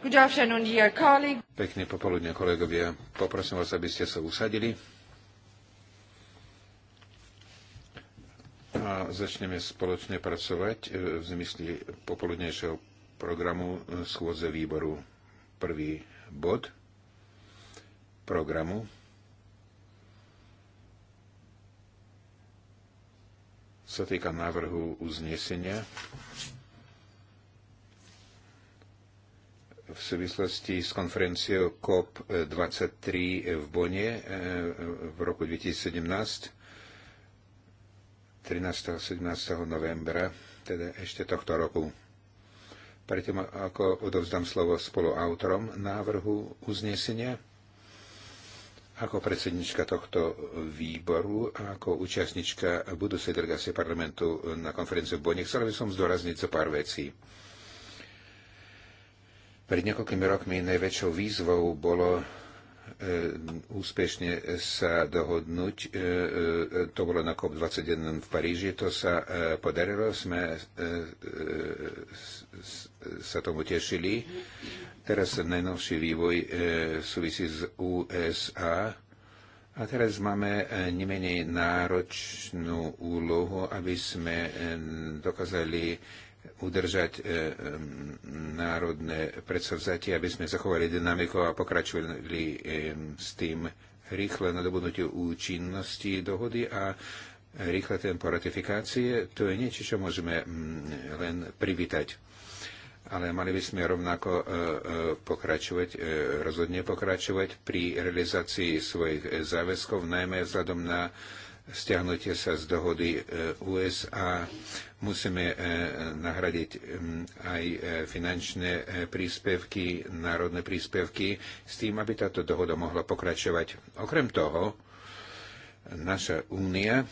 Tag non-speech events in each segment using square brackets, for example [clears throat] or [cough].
Good afternoon, dear colleague. Pekne popoludne, kolegovia. Poprosím vás, aby ste sa usadili. A začneme spoločne pracovať e, v zmysle popoludnejšieho programu e, schôdze výboru. Prvý bod programu sa týka návrhu uznesenia v súvislosti s konferenciou COP23 v Bone eh, v roku 2017, 13. 17. novembra, teda ešte tohto roku. Preto ako odovzdám slovo spoluautorom návrhu uznesenia, ako predsednička tohto výboru a ako účastnička budúcej delegácie parlamentu na konferenciu v Bonne, chcel by som zdôrazniť zo pár vecí. Pred niekoľkými rokmi najväčšou výzvou bolo e, úspešne sa dohodnúť. E, e, to bolo na COP21 v Paríži, to sa podarilo, sme sa tomu tešili. Teraz najnovší vývoj súvisí s USA a teraz máme nemenej náročnú úlohu, aby sme dokázali udržať e, národné predsavzatie, aby sme zachovali dynamiku a pokračovali e, s tým rýchle nadobudnutie účinnosti dohody a rýchle tempo ratifikácie. To je niečo, čo môžeme len privítať. Ale mali by sme rovnako e, pokračovať, rozhodne pokračovať pri realizácii svojich záväzkov, najmä vzhľadom na stiahnutie sa z dohody e, USA. Musíme e, nahradiť aj e, finančné príspevky, národné príspevky, s tým, aby táto dohoda mohla pokračovať. Okrem toho, naša únia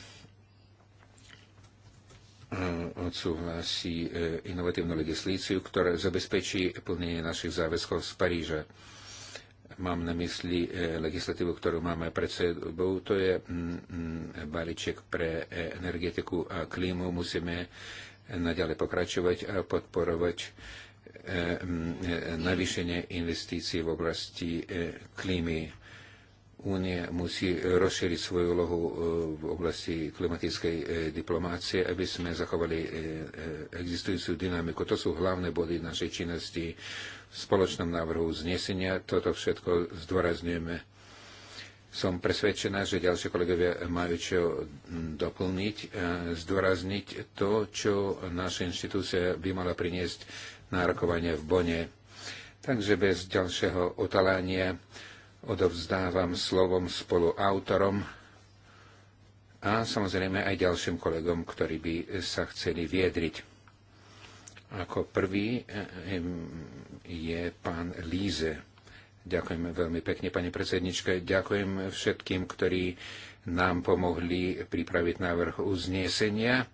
odsúhlasí inovatívnu legislíciu, ktorá zabezpečí plnenie našich záväzkov z Paríža. Mám na mysli e, legislatívu, ktorú máme pred sebou. To je mm, mm, balíček pre e, energetiku a klímu. Musíme e, naďalej pokračovať a podporovať mm, navýšenie investícií v oblasti klímy. Únia musí rozšíriť svoju úlohu v oblasti klimatickej diplomácie, aby sme zachovali existujúcu dynamiku. To sú hlavné body našej činnosti spoločnom návrhu znesenia. Toto všetko zdôrazňujeme. Som presvedčená, že ďalšie kolegovia majú čo doplniť, e, zdôrazniť to, čo naša inštitúcia by mala priniesť na rokovanie v Bone. Takže bez ďalšieho otalania odovzdávam slovom spoluautorom a samozrejme aj ďalším kolegom, ktorí by sa chceli viedriť. Ako prvý e, e, je pán Líze. Ďakujem veľmi pekne, pani predsednička. Ďakujem všetkým, ktorí nám pomohli pripraviť návrh uznesenia.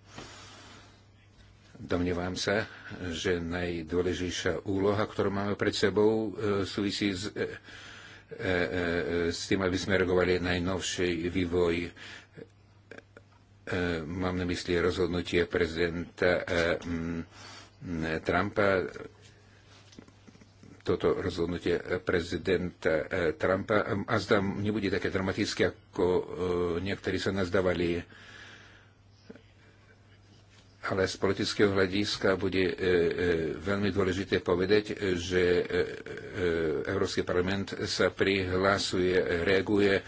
Domnievam sa, že najdôležitejšia úloha, ktorú máme pred sebou, e, súvisí s, e, e, s tým, aby sme reagovali najnovší vývoj. Mám na mysli rozhodnutie prezidenta Trumpa toto rozhodnutie prezidenta eh, Trumpa. Ehm, a zda nebude také dramatické, ako eh, niektorí sa nazdávali. Ale z politického hľadiska bude eh, veľmi dôležité povedať, že Európsky parlament sa prihlásuje, reaguje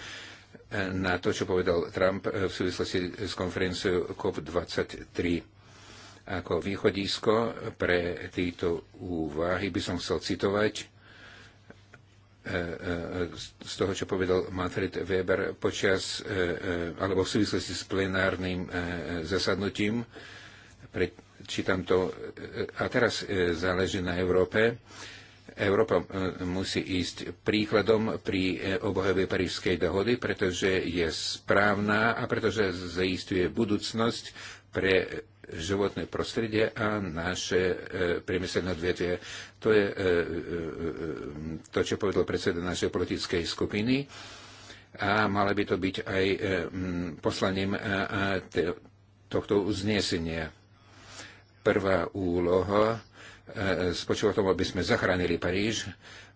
na to, čo povedal Trump v súvislosti s konferenciou COP23 ako východisko pre tieto úvahy by som chcel citovať e, e, z toho, čo povedal Manfred Weber počas e, alebo v súvislosti s plenárnym zasadnutím. Prečítam to. A teraz záleží na Európe. Európa musí ísť príkladom pri obohovej Parížskej dohody, pretože je správna a pretože zaistuje budúcnosť pre životné prostredie a naše e, priemyselné odvetvie. To je e, e, to, čo povedal predseda našej politickej skupiny a malo by to byť aj poslaním tohto uznesenia. Prvá úloha spočíva tomu, aby sme zachránili Paríž.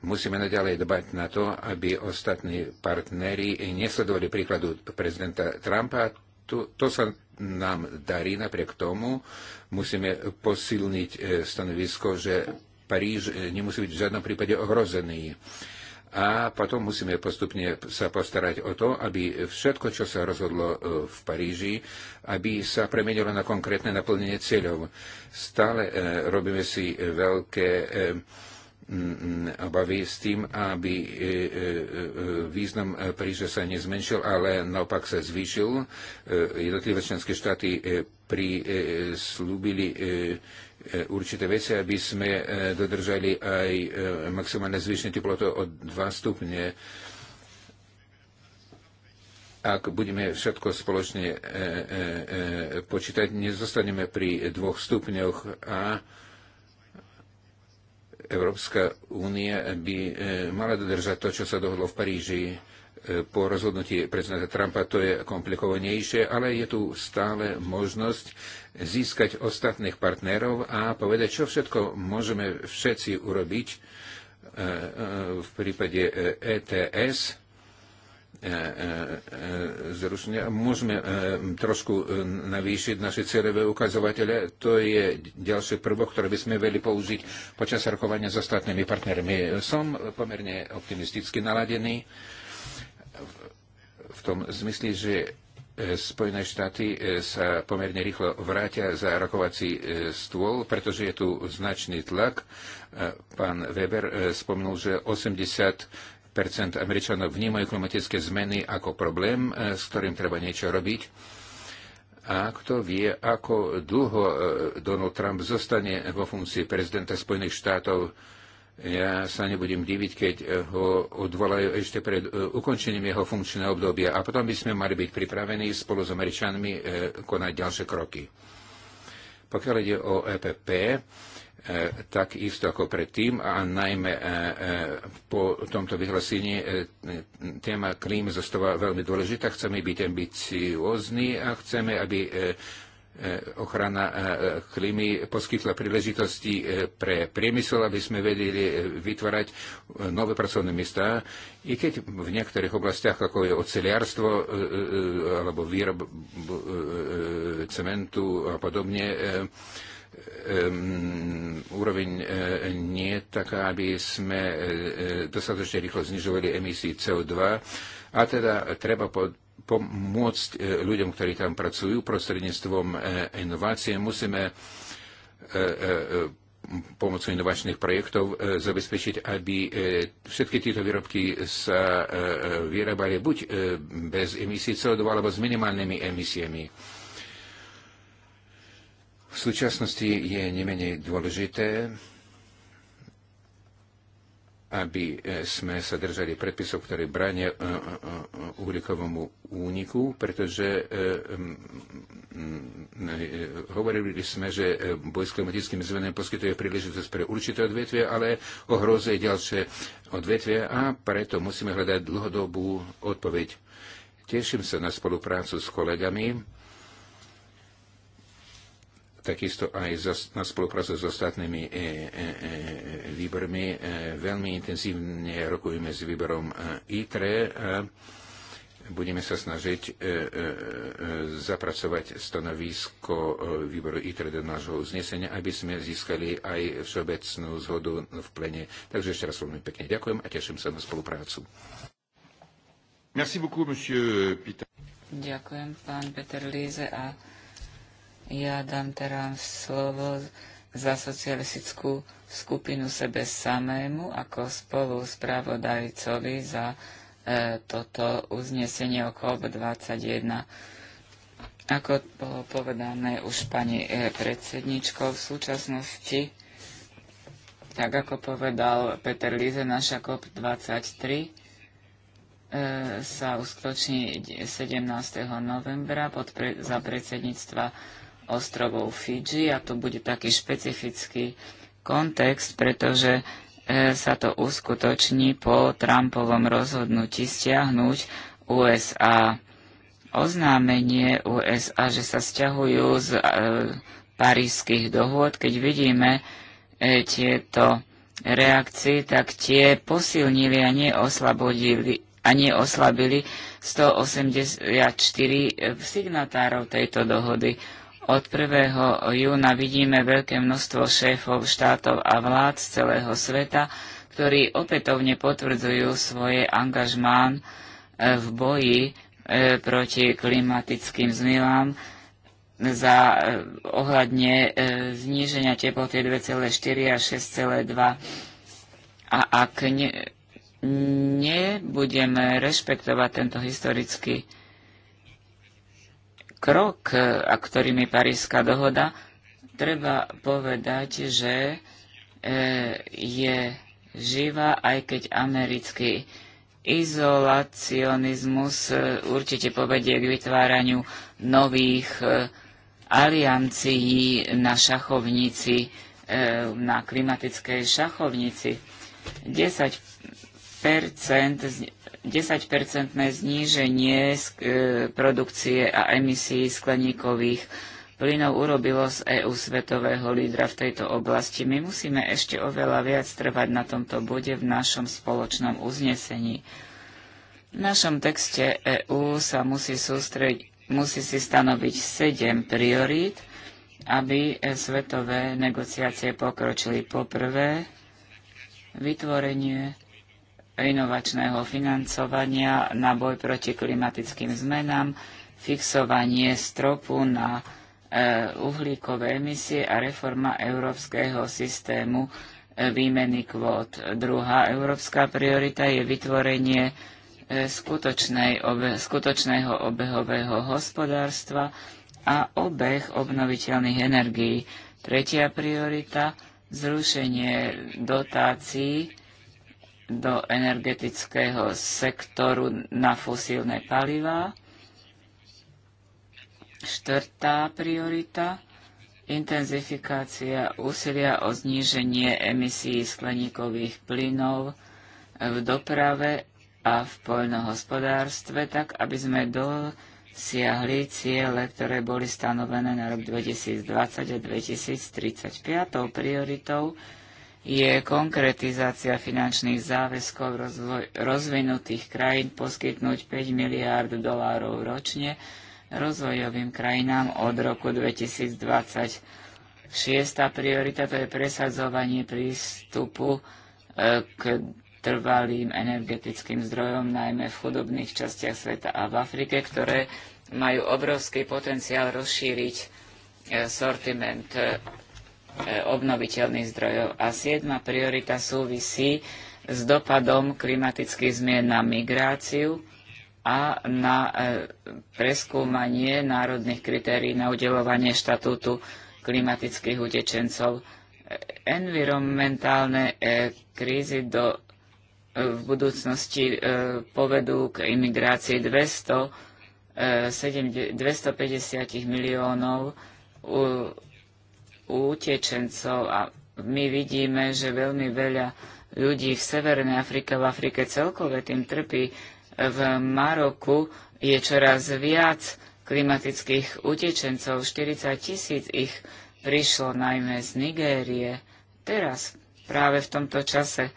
Musíme naďalej dbať na to, aby ostatní partneri nesledovali príkladu prezidenta Trumpa, to, to sa nám darí napriek tomu. Musíme posilniť e, stanovisko, že Paríž e, nemusí byť v žiadnom prípade ohrozený. A potom musíme postupne sa postarať o to, aby všetko, čo sa rozhodlo e, v Paríži, aby sa premenilo na konkrétne naplnenie cieľov. Stále robíme si veľké Mm, mm, obavy s tým, aby e, e, e, význam príže sa nezmenšil, ale naopak sa zvýšil. Jednotlivé členské štáty prislúbili určité veci, aby sme dodržali aj maximálne zvýšenie teplotu o 2 stupne. Ak budeme všetko spoločne počítať, nezostaneme pri 2 stupňoch a Európska únia by e, mala dodržať to, čo sa dohodlo v Paríži e, po rozhodnutí prezidenta Trumpa, to je komplikovanejšie, ale je tu stále možnosť získať ostatných partnerov a povedať, čo všetko môžeme všetci urobiť e, v prípade ETS E, e, e, zrušenia. Môžeme trošku navýšiť naše cieľové ukazovatele. To je ďalší prvok, ktorý by sme veli použiť počas rokovania s ostatnými partnermi. Som pomerne optimisticky naladený v tom zmysle, že Spojené štáty sa pomerne rýchlo vrátia za rokovací stôl, pretože je tu značný tlak. Pán Weber spomnul, že 80 percent Američanov vnímajú klimatické zmeny ako problém, e, s ktorým treba niečo robiť. A kto vie, ako dlho e, Donald Trump zostane vo funkcii prezidenta Spojených štátov, ja sa nebudem diviť, keď e, ho odvolajú ešte pred ukončením jeho funkčného obdobia a potom by sme mali byť pripravení spolu s Američanmi konať ďalšie kroky. Pokiaľ ide o EPP, e, tak isto ako predtým a najmä e, e, po tomto vyhlasení téma klímy zostáva veľmi dôležitá. Chceme byť ambiciózni a chceme, aby Eh, ochrana eh, klímy poskytla príležitosti eh, pre priemysel, aby sme vedeli vytvárať nové pracovné miesta. I keď v niektorých oblastiach, ako je oceliarstvo alebo výrob cementu a podobne, um, úroveň nie je taká, aby sme dostatočne rýchlo znižovali emisii CO2 a teda treba pod, pomôcť e, ľuďom, ktorí tam pracujú prostredníctvom e, inovácie. Musíme e, pomocou inovačných projektov zabezpečiť, aby všetky tieto výrobky sa vyrábali buď bez emisí CO2 alebo s minimálnymi emisiami. V súčasnosti je nemenej dôležité aby e, sme sa držali predpisov, ktoré bránia e, e, uhlíkovomu úniku, pretože hovorili sme, že boj s klimatickými zmenami poskytuje príležitosť pre určité odvetvie, ale ohrozuje ďalšie odvetvie a preto musíme hľadať dlhodobú odpoveď. Teším sa na spoluprácu s kolegami takisto aj na spolupráce s ostatnými e, e, e, e, výbormi. E, veľmi intenzívne rokujeme s výborom e, ITRE. A budeme sa snažiť e, e, e zapracovať stanovisko výboru ITRE do nášho uznesenia, aby sme získali aj všeobecnú zhodu v plene. Takže ešte raz veľmi pekne ďakujem a teším sa na spoluprácu. Merci beaucoup, monsieur Peter. Ďakujem, pán Peter Líze a ja dám teraz slovo za socialistickú skupinu sebe samému ako spolu pravodajcovi za e, toto uznesenie o COP21. Ako bolo povedané už pani e, predsedničkou, v súčasnosti, tak ako povedal Peter Líze, naša COP23 e, sa uskutoční 17. novembra pod pre, za predsedníctva ostrovov Fidži a to bude taký špecifický kontext, pretože e, sa to uskutoční po Trumpovom rozhodnutí stiahnuť USA. Oznámenie USA, že sa stiahujú z e, parížských dohôd, keď vidíme e, tieto reakcie, tak tie posilnili a neoslabodili a neoslabili 184 signatárov tejto dohody. Od 1. júna vidíme veľké množstvo šéfov štátov a vlád z celého sveta, ktorí opätovne potvrdzujú svoje angažmán e, v boji e, proti klimatickým zmylám za e, ohľadne zníženia teploty 2,4 a 6,2. A ak ne, nebudeme rešpektovať tento historický krok, e, a ktorým je Paríska dohoda, treba povedať, že e, je živá, aj keď americký izolacionizmus e, určite povedie k vytváraniu nových aliancií na šachovnici, na klimatickej šachovnici. 10 10-percentné zníženie e, produkcie a emisí skleníkových plynov urobilo z EÚ svetového lídra v tejto oblasti. My musíme ešte oveľa viac trvať na tomto bode v našom spoločnom uznesení. V našom texte EÚ sa musí, sústrediť, musí si stanoviť sedem priorít, aby svetové negociácie pokročili. Poprvé, vytvorenie inovačného financovania na boj proti klimatickým zmenám, fixovanie stropu na e, uhlíkové emisie a reforma európskeho systému e, výmeny kvót. Druhá európska priorita je vytvorenie e, skutočného obehového hospodárstva a obeh obnoviteľných energií. Tretia priorita zrušenie dotácií do energetického sektoru na fosílne palivá. Štvrtá priorita intenzifikácia úsilia o zníženie emisí skleníkových plynov v doprave a v poľnohospodárstve, tak aby sme dosiahli ciele, ktoré boli stanovené na rok 2020 a 2035. Prioritou je konkretizácia finančných záväzkov rozvoj, rozvinutých krajín poskytnúť 5 miliárd dolárov ročne rozvojovým krajinám od roku 2020. Šiesta priorita to je presadzovanie prístupu e, k trvalým energetickým zdrojom, najmä v chudobných častiach sveta a v Afrike, ktoré majú obrovský potenciál rozšíriť e, sortiment E, obnoviteľných zdrojov. A siedma priorita súvisí s dopadom klimatických zmien na migráciu a na e, preskúmanie národných kritérií na udelovanie štatútu klimatických utečencov. Environmentálne e, krízy do, v budúcnosti povedú k imigrácii 200, 7, 250 miliónov utečencov a my vidíme, že veľmi veľa ľudí v Severnej Afrike, v Afrike celkové tým trpí. V Maroku je čoraz viac klimatických utečencov, 40 tisíc ich prišlo najmä z Nigérie. Teraz, práve v tomto čase,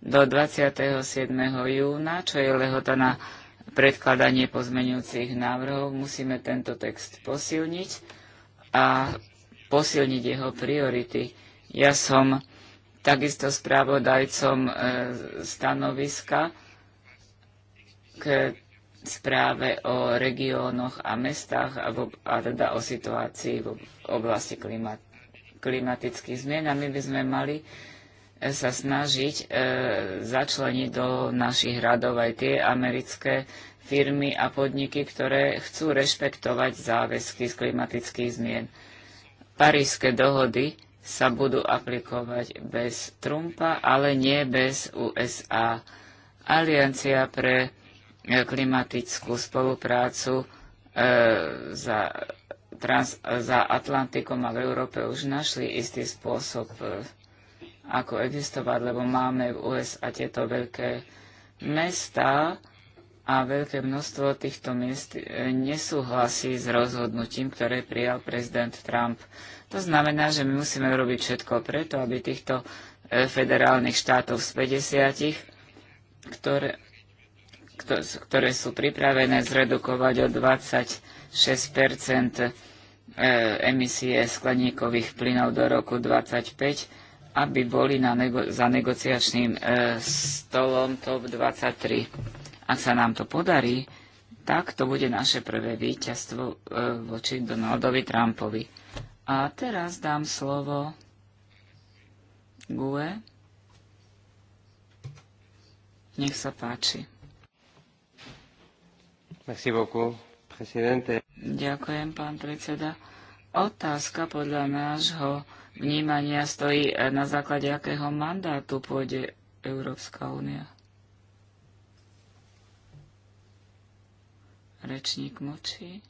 do 27. júna, čo je lehota na predkladanie pozmenujúcich návrhov, musíme tento text posilniť a posilniť jeho priority. Ja som takisto správodajcom e, stanoviska k správe o regiónoch a mestách a, v, a teda o situácii v oblasti klimatických zmien a my by sme mali e, sa snažiť e, začleniť do našich radov aj tie americké firmy a podniky, ktoré chcú rešpektovať záväzky z klimatických zmien. Parížské dohody sa budú aplikovať bez Trumpa, ale nie bez USA. Aliancia pre e, klimatickú spoluprácu e, za, trans, za Atlantikom a v Európe už našli istý spôsob, e, ako existovať, lebo máme v USA tieto veľké mesta, a veľké množstvo týchto miest e, nesúhlasí s rozhodnutím, ktoré prijal prezident Trump. To znamená, že my musíme robiť všetko preto, aby týchto e, federálnych štátov z 50, ktoré, ktoré sú pripravené zredukovať o 26 e, emisie skleníkových plynov do roku 2025, aby boli na nego- za negociačným stolom TOP 23. Ak sa nám to podarí, tak to bude naše prvé víťazstvo e, voči Donaldovi Trumpovi. A teraz dám slovo Gue. Nech sa páči. Merci beaucoup, presidente. Ďakujem, pán predseda. Otázka podľa nášho vnímania stojí e, na základe akého mandátu pôjde Európska únia. Rečník mlčí.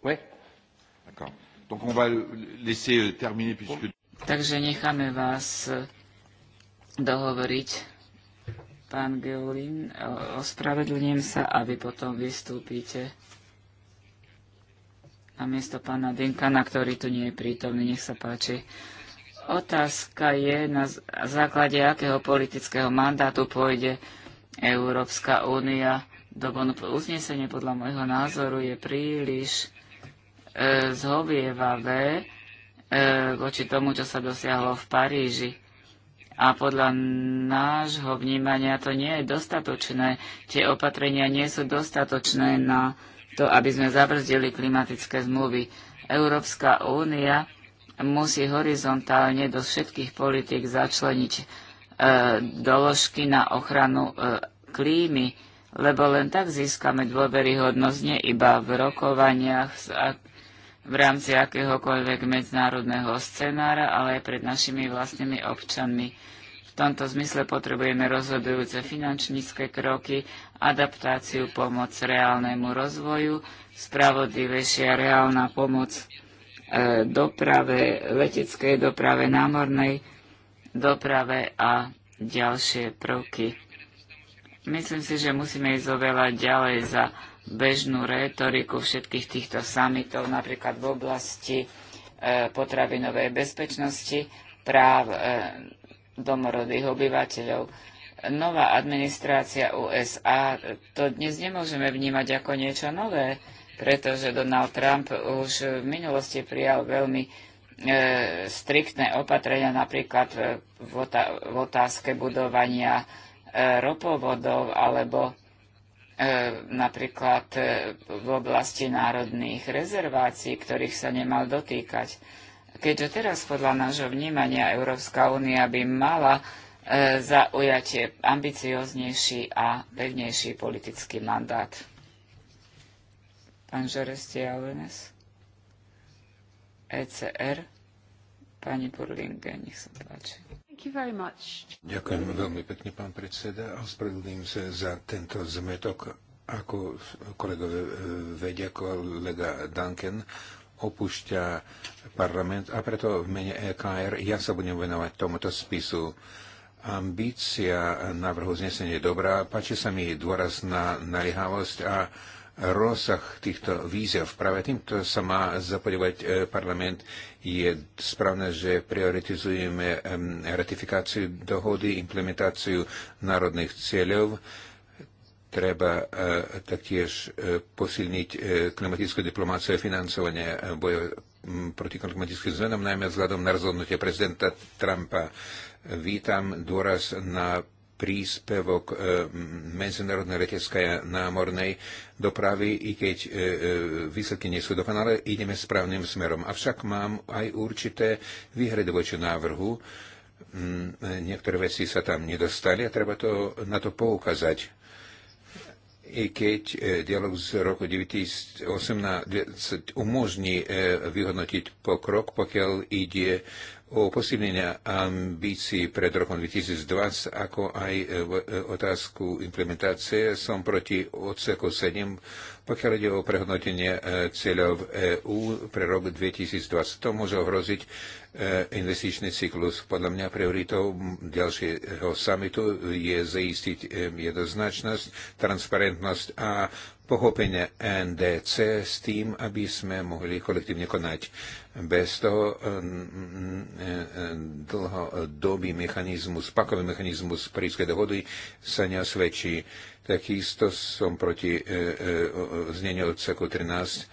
Oui. Donc on va laisser euh, terminer puisque... Takže necháme vás euh, dohovoriť, pán Geolín. Ospravedlňujem sa a vy potom vystúpite na miesto pána Dinkana, ktorý tu nie je prítomný. Nech sa páči. Otázka je, na základe akého politického mandátu pôjde Európska únia do Bonu. Uznesenie podľa môjho názoru je príliš e, zhovievavé e, voči tomu, čo sa dosiahlo v Paríži. A podľa nášho vnímania to nie je dostatočné. Tie opatrenia nie sú dostatočné na to, aby sme zabrzdili klimatické zmluvy. Európska únia musí horizontálne do všetkých politik začleniť e, doložky na ochranu e, klímy, lebo len tak získame dôveryhodnosť nie iba v rokovaniach v rámci akéhokoľvek medzinárodného scenára, ale aj pred našimi vlastnými občanmi. V tomto zmysle potrebujeme rozhodujúce finančnícke kroky, adaptáciu, pomoc reálnemu rozvoju, spravodlivejšia reálna pomoc E, doprave, leteckej doprave, námornej doprave a ďalšie prvky. Myslím si, že musíme ísť oveľa ďalej za bežnú rétoriku všetkých týchto samitov, napríklad v oblasti e, potravinovej bezpečnosti, práv e, domorodých obyvateľov. Nová administrácia USA to dnes nemôžeme vnímať ako niečo nové pretože Donald Trump už v minulosti prijal veľmi e, striktné opatrenia, napríklad e, v, otázke budovania e, ropovodov alebo napríklad v oblasti národných rezervácií, ktorých sa nemal dotýkať. Keďže teraz podľa nášho vnímania Európska únia by mala zaujatie zaujať ambicioznejší a pevnejší politický mandát pán Žoresti ECR, pani Burlinge, nech sa páči. Ďakujem veľmi pekne, pán predseda, a ospravedlím sa za tento zmetok. Ako kolegové e, vedia, kolega Duncan opúšťa parlament a preto v mene EKR ja sa budem venovať tomuto spisu. Ambícia návrhu znesenie je dobrá, páči sa mi dôraz na naliehavosť a rozsah týchto víziev. Práve týmto sa má zapodívať e, parlament. Je správne, že prioritizujeme ratifikáciu dohody, implementáciu národných cieľov. Treba e, taktiež e, posilniť klimatickú diplomáciu a financovanie boja proti klimatickým zmenám, najmä vzhľadom na rozhodnutie prezidenta Trumpa. Vítam dôraz na príspevok e, medzinárodnej a námornej dopravy, i keď e, e, výsledky nie sú dokonalé, ideme správnym smerom. Avšak mám aj určité výhrady voči návrhu. Mm, niektoré veci sa tam nedostali a treba to, na to poukázať. I keď dialog z roku 2018 umožní vyhodnotiť pokrok, pokiaľ ide o posilnenia ambícií pred rokom 2020, ako aj e, e, otázku implementácie. Som proti odseku 7, pokiaľ ide o prehodnotenie e, cieľov EÚ pre rok 2020. To môže ohroziť investičný cyklus. Podľa mňa prioritou ďalšieho samitu je zaistiť jednoznačnosť, transparentnosť a pochopenie NDC s tým, aby sme mohli kolektívne konať. Bez toho eh, dlhodobý mechanizmus, pakový mechanizmus prískej dohody sa neosvedčí. Takisto som proti od eh, eh, odseku 13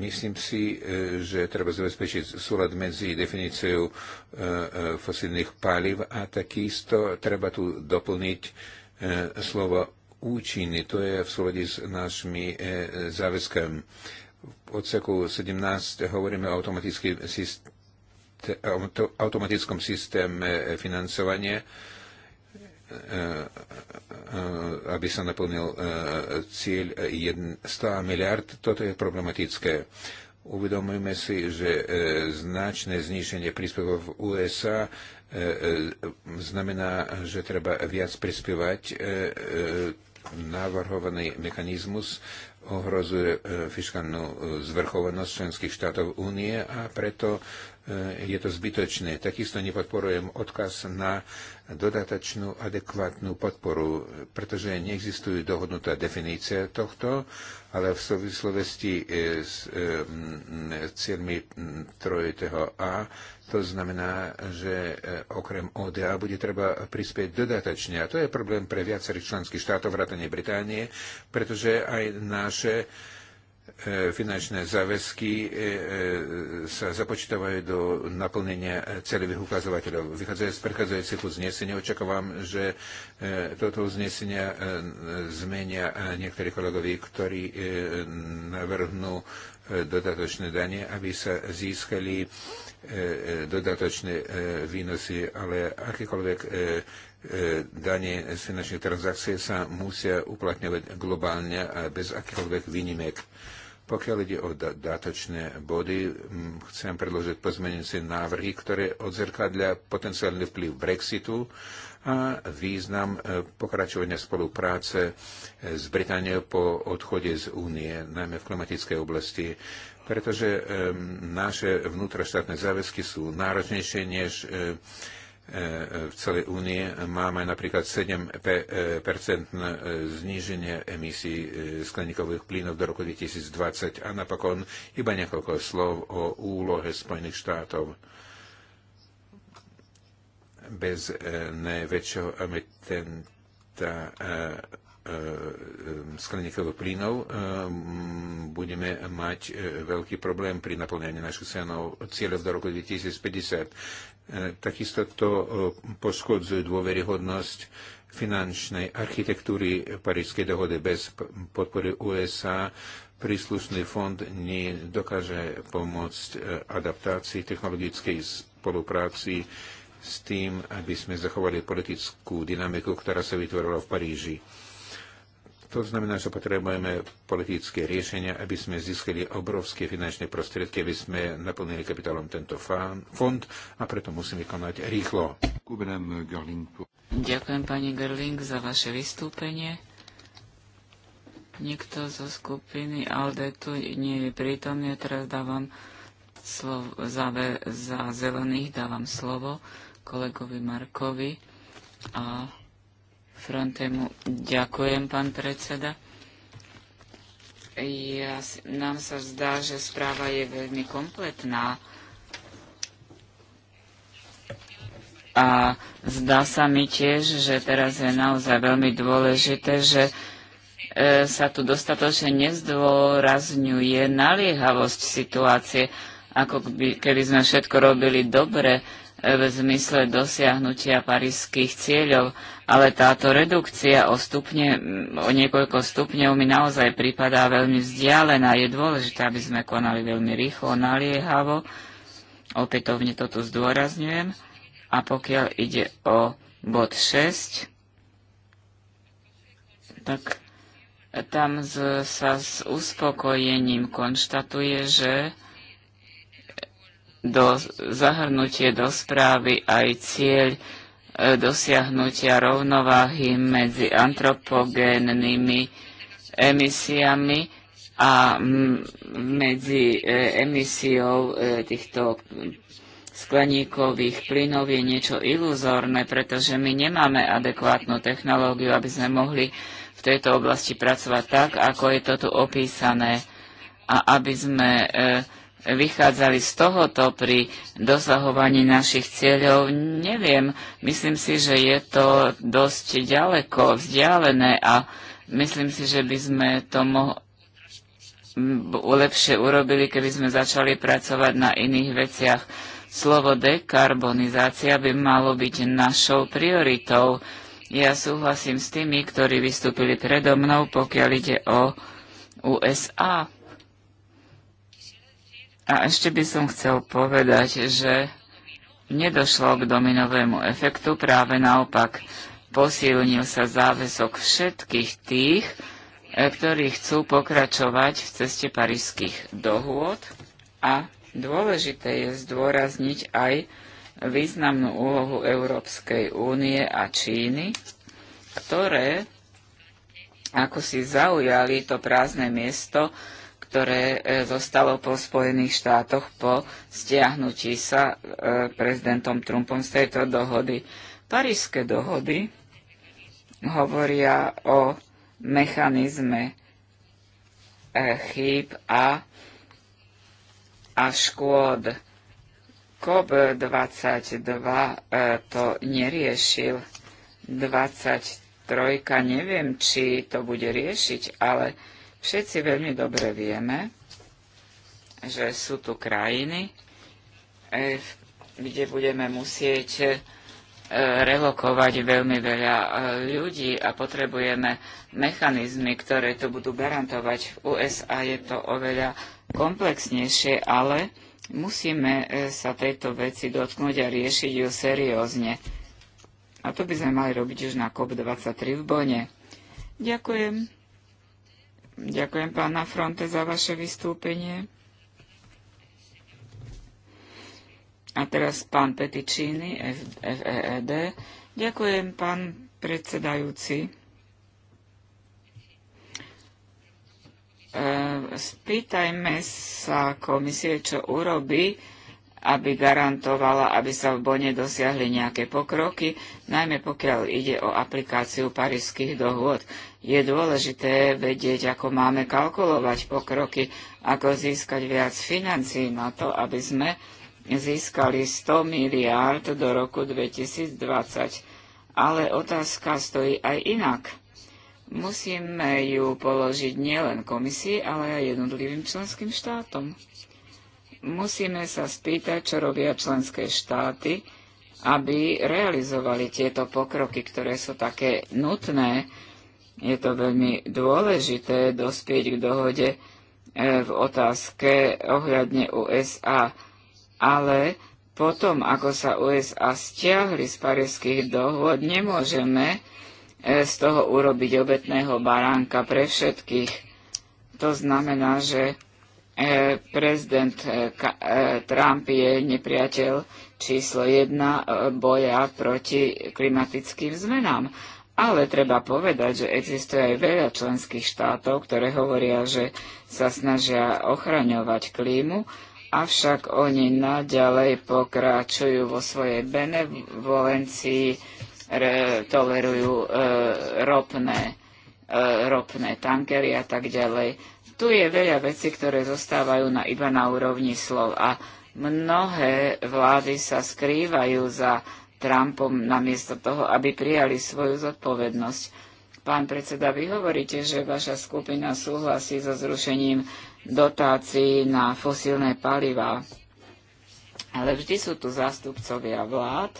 Myslím si, že treba zabezpečiť súlad medzi definíciou fosílnych palív a takisto treba tu doplniť slovo účinný. To je v súlade s našimi e, záväzkami. V odseku 17 hovoríme o automatickom systéme e, financovania e, aby sa naplnil cieľ 100 miliard, toto je problematické. Uvedomujeme si, že značné zniženie príspevkov v USA znamená, že treba viac prispievať navrhovaný mechanizmus ohrozuje e, fiskálnu e, zvrchovanosť členských štátov únie a preto e, je to zbytočné. Takisto nepodporujem odkaz na dodatočnú adekvátnu podporu, pretože neexistuje dohodnutá definícia tohto ale v súvislosti e, s e, cieľmi trojitého A to znamená, že e, okrem ODA bude treba prispieť dodatočne. A to je problém pre viacerých členských štátov, vrátane Británie, pretože aj naše E, finančné záväzky e, e, sa započítavajú do naplnenia celých ukazovateľov. Vychádzajú z prechádzajúcich uznesení. Očakávam, že toto uznesenia zmenia niektorí kolegovi, ktorí navrhnú dodatočné danie, aby sa získali dodatočné výnosy, ale akýkoľvek danie z finančných transakcií sa musia uplatňovať globálne a bez akýchkoľvek výnimek. Pokiaľ ide o datočné body, chcem predložiť pozmenujúce návrhy, ktoré odzrkadľa potenciálny vplyv Brexitu a význam e, pokračovania spolupráce e, s Britániou po odchode z únie, najmä v klimatickej oblasti, pretože naše vnútroštátne záväzky sú náročnejšie než e, v celej únie máme napríklad 7% e, e, zníženie emisí e, skleníkových plynov do roku 2020 a napokon iba niekoľko slov o úlohe Spojených štátov bez najväčšieho emitenta skleníkových plynov budeme mať veľký problém pri naplňaní našich cieľov do roku 2050. Takisto to e, poškodzuje dôveryhodnosť finančnej architektúry Parískej dohody bez podpory USA. Príslušný fond nedokáže pomôcť e, adaptácii technologickej spolupráci s tým, aby sme zachovali politickú dynamiku, ktorá sa vytvorila v Paríži to znamená, že potrebujeme politické riešenia, aby sme získali obrovské finančné prostriedky, aby sme naplnili kapitálom tento fond a preto musíme konať rýchlo. Ďakujem pani Gerling za vaše vystúpenie. Nikto zo skupiny ALDE tu nie je prítomný. Teraz dávam slovo, za, za zelených dávam slovo kolegovi Markovi a Frontemu. Ďakujem, pán predseda. Ja, nám sa zdá, že správa je veľmi kompletná. A zdá sa mi tiež, že teraz je naozaj veľmi dôležité, že e, sa tu dostatočne nezdôrazňuje naliehavosť situácie, ako by, keby sme všetko robili dobre, v zmysle dosiahnutia parížských cieľov, ale táto redukcia o, stupne, o niekoľko stupňov mi naozaj pripadá veľmi vzdialená. Je dôležité, aby sme konali veľmi rýchlo, naliehavo. Opätovne to tu zdôrazňujem. A pokiaľ ide o bod 6, tak tam z, sa s uspokojením konštatuje, že do zahrnutie do správy aj cieľ e, dosiahnutia rovnováhy medzi antropogénnymi emisiami a medzi e, emisiou e, týchto skleníkových plynov je niečo iluzórne, pretože my nemáme adekvátnu technológiu, aby sme mohli v tejto oblasti pracovať tak, ako je to tu opísané a aby sme e, vychádzali z tohoto pri dosahovaní našich cieľov, neviem. Myslím si, že je to dosť ďaleko, vzdialené a myslím si, že by sme to mohli lepšie urobili, keby sme začali pracovať na iných veciach. Slovo dekarbonizácia by malo byť našou prioritou. Ja súhlasím s tými, ktorí vystúpili predo mnou, pokiaľ ide o USA. A ešte by som chcel povedať, že nedošlo k dominovému efektu, práve naopak posilnil sa záväzok všetkých tých, e, ktorí chcú pokračovať v ceste parížských dohôd a dôležité je zdôrazniť aj významnú úlohu Európskej únie a Číny, ktoré ako si zaujali to prázdne miesto ktoré e, zostalo po Spojených štátoch po stiahnutí sa e, prezidentom Trumpom z tejto dohody. Parížské dohody hovoria o mechanizme e, chýb a, a škôd. COP22 to neriešil. 23 neviem, či to bude riešiť, ale Všetci veľmi dobre vieme, že sú tu krajiny, e, kde budeme musieť e, relokovať veľmi veľa e, ľudí a potrebujeme mechanizmy, ktoré to budú garantovať. V USA je to oveľa komplexnejšie, ale musíme sa tejto veci dotknúť a riešiť ju seriózne. A to by sme mali robiť už na COP23 v Bone. Ďakujem. Ďakujem pána Fronte za vaše vystúpenie. A teraz pán Petičíny, FEED. Ďakujem, pán predsedajúci. E, spýtajme sa komisie, čo urobí, aby garantovala, aby sa v Bone dosiahli nejaké pokroky, najmä pokiaľ ide o aplikáciu parížských dohôd. Je dôležité vedieť, ako máme kalkulovať pokroky, ako získať viac financií na to, aby sme získali 100 miliárd do roku 2020. Ale otázka stojí aj inak. Musíme ju položiť nielen komisii, ale aj jednotlivým členským štátom. Musíme sa spýtať, čo robia členské štáty, aby realizovali tieto pokroky, ktoré sú také nutné je to veľmi dôležité dospieť k dohode e, v otázke ohľadne USA, ale potom, ako sa USA stiahli z parížských dohôd, nemôžeme e, z toho urobiť obetného baránka pre všetkých. To znamená, že e, prezident Trump je nepriateľ číslo jedna boja proti klimatickým zmenám. Ale treba povedať, že existuje aj veľa členských štátov, ktoré hovoria, že sa snažia ochraňovať klímu, avšak oni naďalej pokračujú vo svojej benevolencii, re, tolerujú e, ropné, e, ropné tankery a tak ďalej. Tu je veľa vecí, ktoré zostávajú na, iba na úrovni slov a mnohé vlády sa skrývajú za Trumpom, namiesto toho, aby prijali svoju zodpovednosť. Pán predseda, vy hovoríte, že vaša skupina súhlasí so zrušením dotácií na fosílne palivá. Ale vždy sú tu zástupcovia vlád,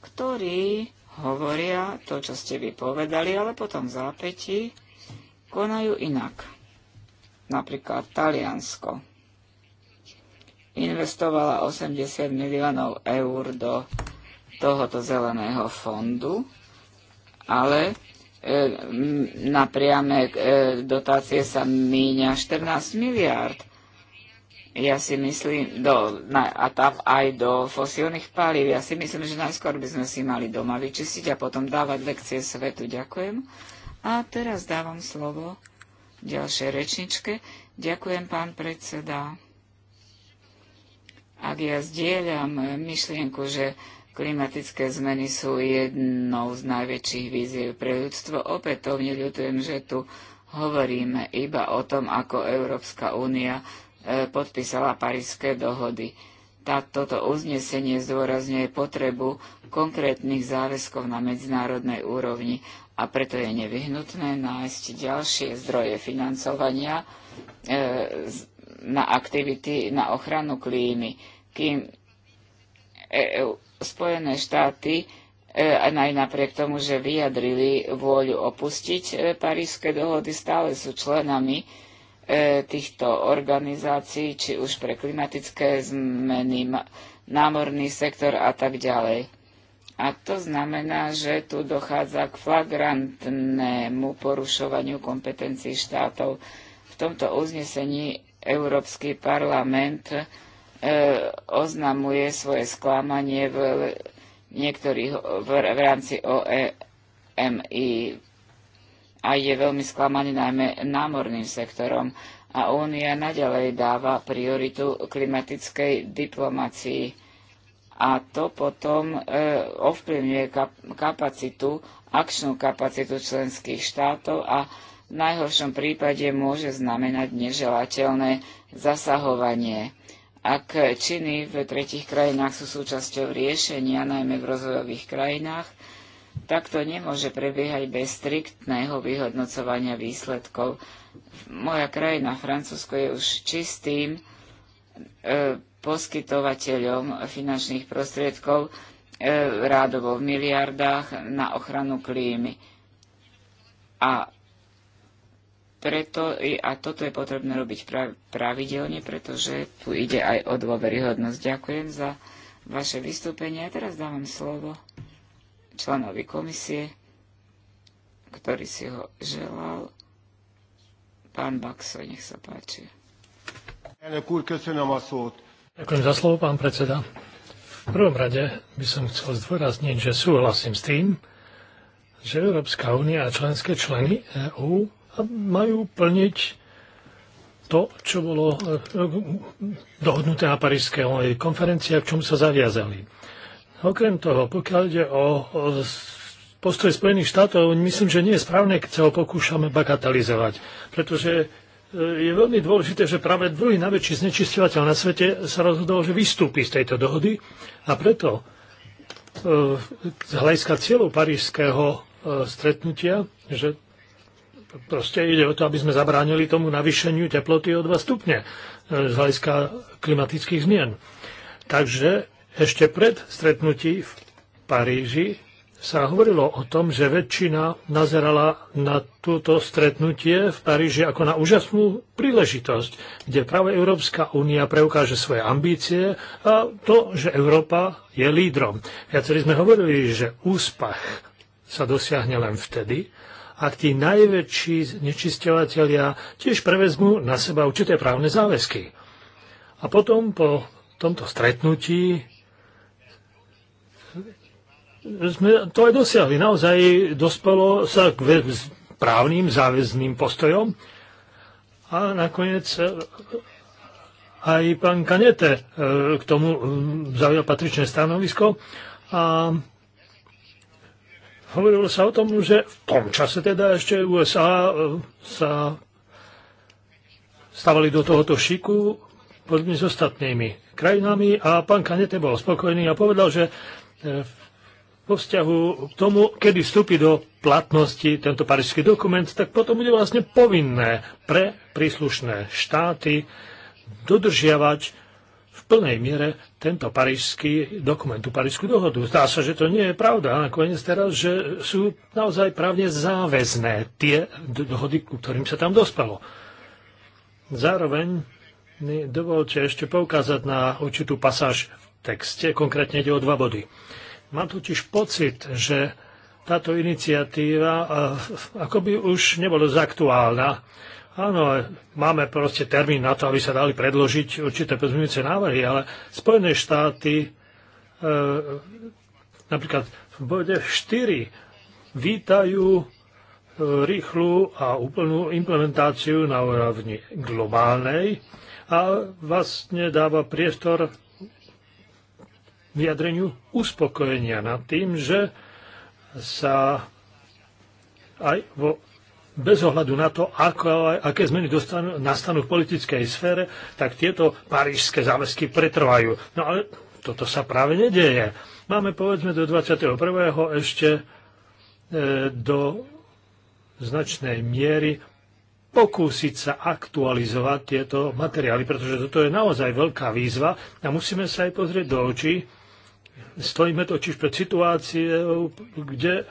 ktorí hovoria to, čo ste vy povedali, ale potom v zápäti konajú inak. Napríklad Taliansko investovala 80 miliónov eur do tohoto zeleného fondu, ale e, na priame e, dotácie sa míňa 14 miliárd. Ja si myslím, do, na, a tam aj do fosílnych palív. Ja si myslím, že najskôr by sme si mali doma vyčistiť a potom dávať lekcie svetu. Ďakujem. A teraz dávam slovo ďalšej rečničke. Ďakujem, pán predseda. Ak ja zdieľam myšlienku, že Klimatické zmeny sú jednou z najväčších víziev pre ľudstvo. Opätovne ľutujem, že tu hovoríme iba o tom, ako Európska únia e, podpísala parížské dohody. toto uznesenie zdôrazňuje potrebu konkrétnych záväzkov na medzinárodnej úrovni a preto je nevyhnutné nájsť ďalšie zdroje financovania e, na aktivity na ochranu klímy, kým e, Spojené štáty e, aj napriek tomu, že vyjadrili vôľu opustiť e, parížske dohody, stále sú členami e, týchto organizácií, či už pre klimatické zmeny, námorný sektor a tak ďalej. A to znamená, že tu dochádza k flagrantnému porušovaniu kompetencií štátov. V tomto uznesení Európsky parlament E, oznamuje svoje sklamanie v niektorých v, v rámci OEMI a je veľmi sklamaný najmä námorným sektorom a Únia naďalej dáva prioritu klimatickej diplomácii a to potom e, ovplyvňuje kap- kapacitu, akčnú kapacitu členských štátov a v najhoršom prípade môže znamenať neželateľné zasahovanie. Ak činy v tretich krajinách sú súčasťou riešenia, najmä v rozvojových krajinách, tak to nemôže prebiehať bez striktného vyhodnocovania výsledkov. Moja krajina, Francúzsko, je už čistým e, poskytovateľom finančných prostriedkov e, rádovo v miliardách na ochranu klímy. A preto, a toto je potrebné robiť pravidelne, pretože tu ide aj o dôveryhodnosť. Ďakujem za vaše vystúpenie. A teraz dávam slovo členovi komisie, ktorý si ho želal. Pán Bakso, nech sa páči. Ďakujem za slovo, pán predseda. V prvom rade by som chcel zdôrazniť, že súhlasím s tým, že Európska únia a členské členy EÚ a majú plniť to, čo bolo eh, dohodnuté na parížskej konferencii a k čomu sa zaviazali. Okrem toho, pokiaľ ide o postoj Spojených štátov, myslím, že nie je správne, keď sa ho pokúšame bagatelizovať, pretože eh, je veľmi dôležité, že práve druhý najväčší znečisťovateľ na svete sa rozhodol, že vystúpi z tejto dohody a preto eh, z hľadiska cieľov parížského stretnutia, že Proste ide o to, aby sme zabránili tomu navýšeniu teploty o 2 stupne e, z hľadiska klimatických zmien. Takže ešte pred stretnutí v Paríži sa hovorilo o tom, že väčšina nazerala na túto stretnutie v Paríži ako na úžasnú príležitosť, kde práve Európska únia preukáže svoje ambície a to, že Európa je lídrom. Viacerí sme hovorili, že úspach sa dosiahne len vtedy, ak tí najväčší nečisťovateľia tiež prevezmú na seba určité právne záväzky. A potom po tomto stretnutí sme to aj dosiahli. Naozaj dospelo sa k právnym záväzným postojom a nakoniec e, aj pán Kanete e, k tomu zaujal patričné stanovisko a hovorilo sa o tom, že v tom čase teda ešte USA e, sa stavali do tohoto šiku podobne s ostatnými krajinami a pán Kanete bol spokojný a povedal, že e, vo vzťahu k tomu, kedy vstúpi do platnosti tento parížský dokument, tak potom bude vlastne povinné pre príslušné štáty dodržiavať plnej miere tento parížský dokument, tú parížskú dohodu. Zdá sa, že to nie je pravda. A nakoniec teraz, že sú naozaj právne záväzné tie dohody, ku ktorým sa tam dospelo. Zároveň mi dovolte ešte poukázať na určitú pasáž v texte, konkrétne ide o dva body. Mám totiž pocit, že táto iniciatíva eh, akoby už nebolo zaktuálna Áno, máme proste termín na to, aby sa dali predložiť určité pozmeňujúce návrhy, ale Spojené štáty e, napríklad v bode 4 vítajú e, rýchlu a úplnú implementáciu na úrovni globálnej a vlastne dáva priestor vyjadreniu uspokojenia nad tým, že sa aj vo bez ohľadu na to, ako, aké zmeny dostanú, nastanú v politickej sfére, tak tieto parížské záväzky pretrvajú. No ale toto sa práve nedeje. Máme povedzme do 21. ešte e, do značnej miery pokúsiť sa aktualizovať tieto materiály, pretože toto je naozaj veľká výzva a musíme sa aj pozrieť do očí. Stojíme totiž pred situáciou, kde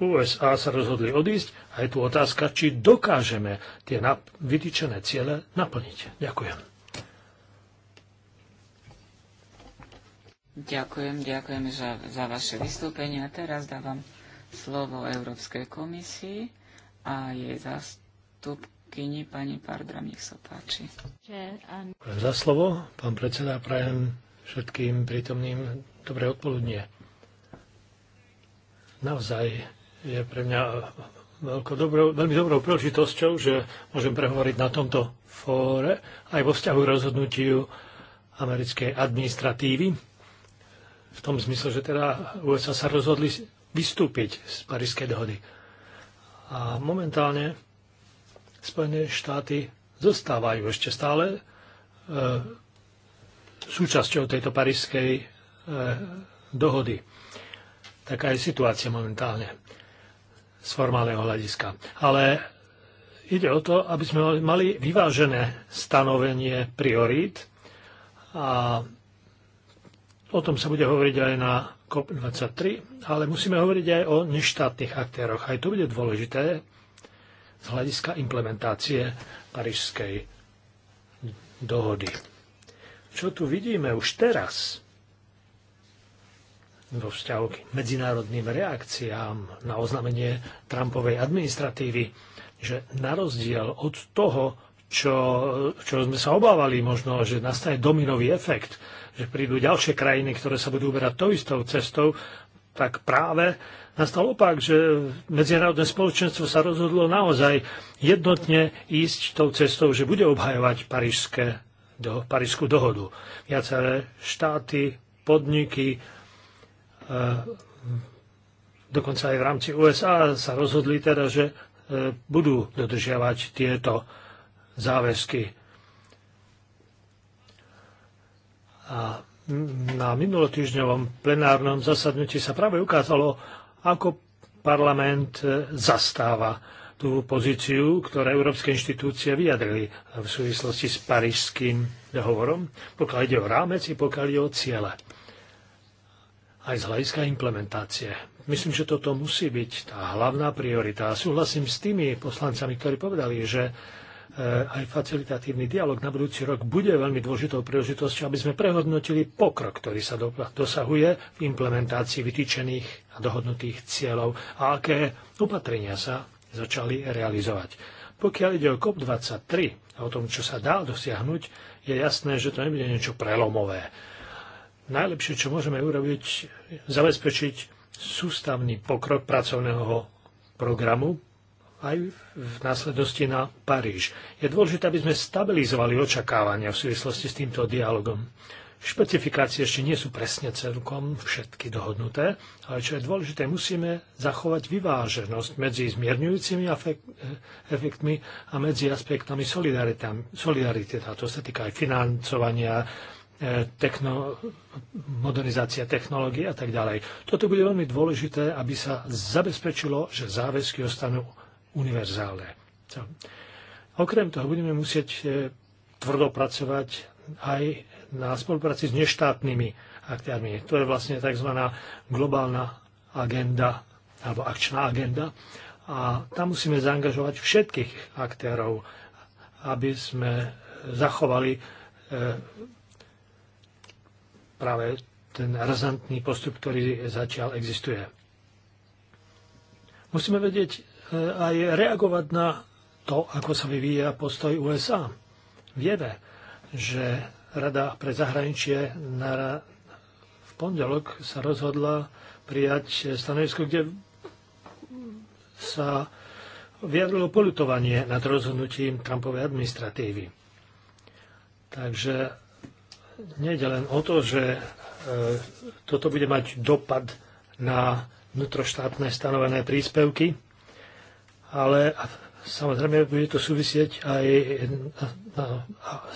USA sa rozhodli odísť a je tu otázka, či dokážeme tie vytýčené ciele naplniť. Ďakujem. Ďakujem, ďakujem za, za vaše vystúpenie. A teraz dávam slovo Európskej komisii a jej zastupkyni pani Pardra, nech sa páči. Ďakujem za slovo, pán predseda, prajem všetkým prítomným dobré odpoludnie. Naozaj je pre mňa veľko dobrou, veľmi dobrou príležitosťou, že môžem prehovoriť na tomto fóre aj vo vzťahu k rozhodnutiu americkej administratívy. V tom zmysle, že teda USA sa rozhodli vystúpiť z Parískej dohody. A momentálne Spojené štáty zostávajú ešte stále e, súčasťou tejto Parískej e, dohody. Taká je situácia momentálne z formálneho hľadiska. Ale ide o to, aby sme mali vyvážené stanovenie priorít a o tom sa bude hovoriť aj na COP23, ale musíme hovoriť aj o neštátnych aktéroch. Aj to bude dôležité z hľadiska implementácie Parížskej dohody. Čo tu vidíme už teraz, vo vzťahu k medzinárodným reakciám na oznámenie Trumpovej administratívy, že na rozdiel od toho, čo, čo sme sa obávali možno, že nastane dominový efekt, že prídu ďalšie krajiny, ktoré sa budú uberať tou istou cestou, tak práve nastal opak, že medzinárodné spoločenstvo sa rozhodlo naozaj jednotne ísť tou cestou, že bude obhajovať do, parížskú dohodu. Viaceré štáty, podniky, E, dokonca aj v rámci USA sa rozhodli teda, že e, budú dodržiavať tieto záväzky. A na minulotýždňovom plenárnom zasadnutí sa práve ukázalo, ako parlament e, zastáva tú pozíciu, ktoré európske inštitúcie vyjadrili v súvislosti s parížským dohovorom, pokiaľ ide o rámec i pokiaľ ide o ciele aj z hľadiska implementácie. Myslím, že toto musí byť tá hlavná priorita. A súhlasím s tými poslancami, ktorí povedali, že e, aj facilitatívny dialog na budúci rok bude veľmi dôležitou príležitosťou, aby sme prehodnotili pokrok, ktorý sa dosahuje v implementácii vytýčených a dohodnutých cieľov a aké opatrenia sa začali realizovať. Pokiaľ ide o COP23 a o tom, čo sa dá dosiahnuť, je jasné, že to nebude niečo prelomové najlepšie, čo môžeme urobiť, zabezpečiť sústavný pokrok pracovného programu aj v následnosti na Paríž. Je dôležité, aby sme stabilizovali očakávania v súvislosti s týmto dialogom. Špecifikácie ešte nie sú presne celkom všetky dohodnuté, ale čo je dôležité, musíme zachovať vyváženosť medzi zmierňujúcimi efektmi a medzi aspektami solidarity. A to sa týka aj financovania, E, techno, modernizácia technológie a tak ďalej. Toto bude veľmi dôležité, aby sa zabezpečilo, že záväzky ostanú univerzálne. Okrem toho budeme musieť e, tvrdo pracovať aj na spolupráci s neštátnymi aktérmi. To je vlastne tzv. globálna agenda alebo akčná agenda. A tam musíme zaangažovať všetkých aktérov, aby sme zachovali e, práve ten razantný postup, ktorý zatiaľ existuje. Musíme vedieť e, aj reagovať na to, ako sa vyvíja postoj USA. Vieme, že Rada pre zahraničie na, v pondelok sa rozhodla prijať stanovisko, kde sa vyjadrilo polutovanie nad rozhodnutím Trumpovej administratívy. Takže nejde len o to, že e, toto bude mať dopad na vnútroštátne stanovené príspevky, ale samozrejme bude to súvisieť aj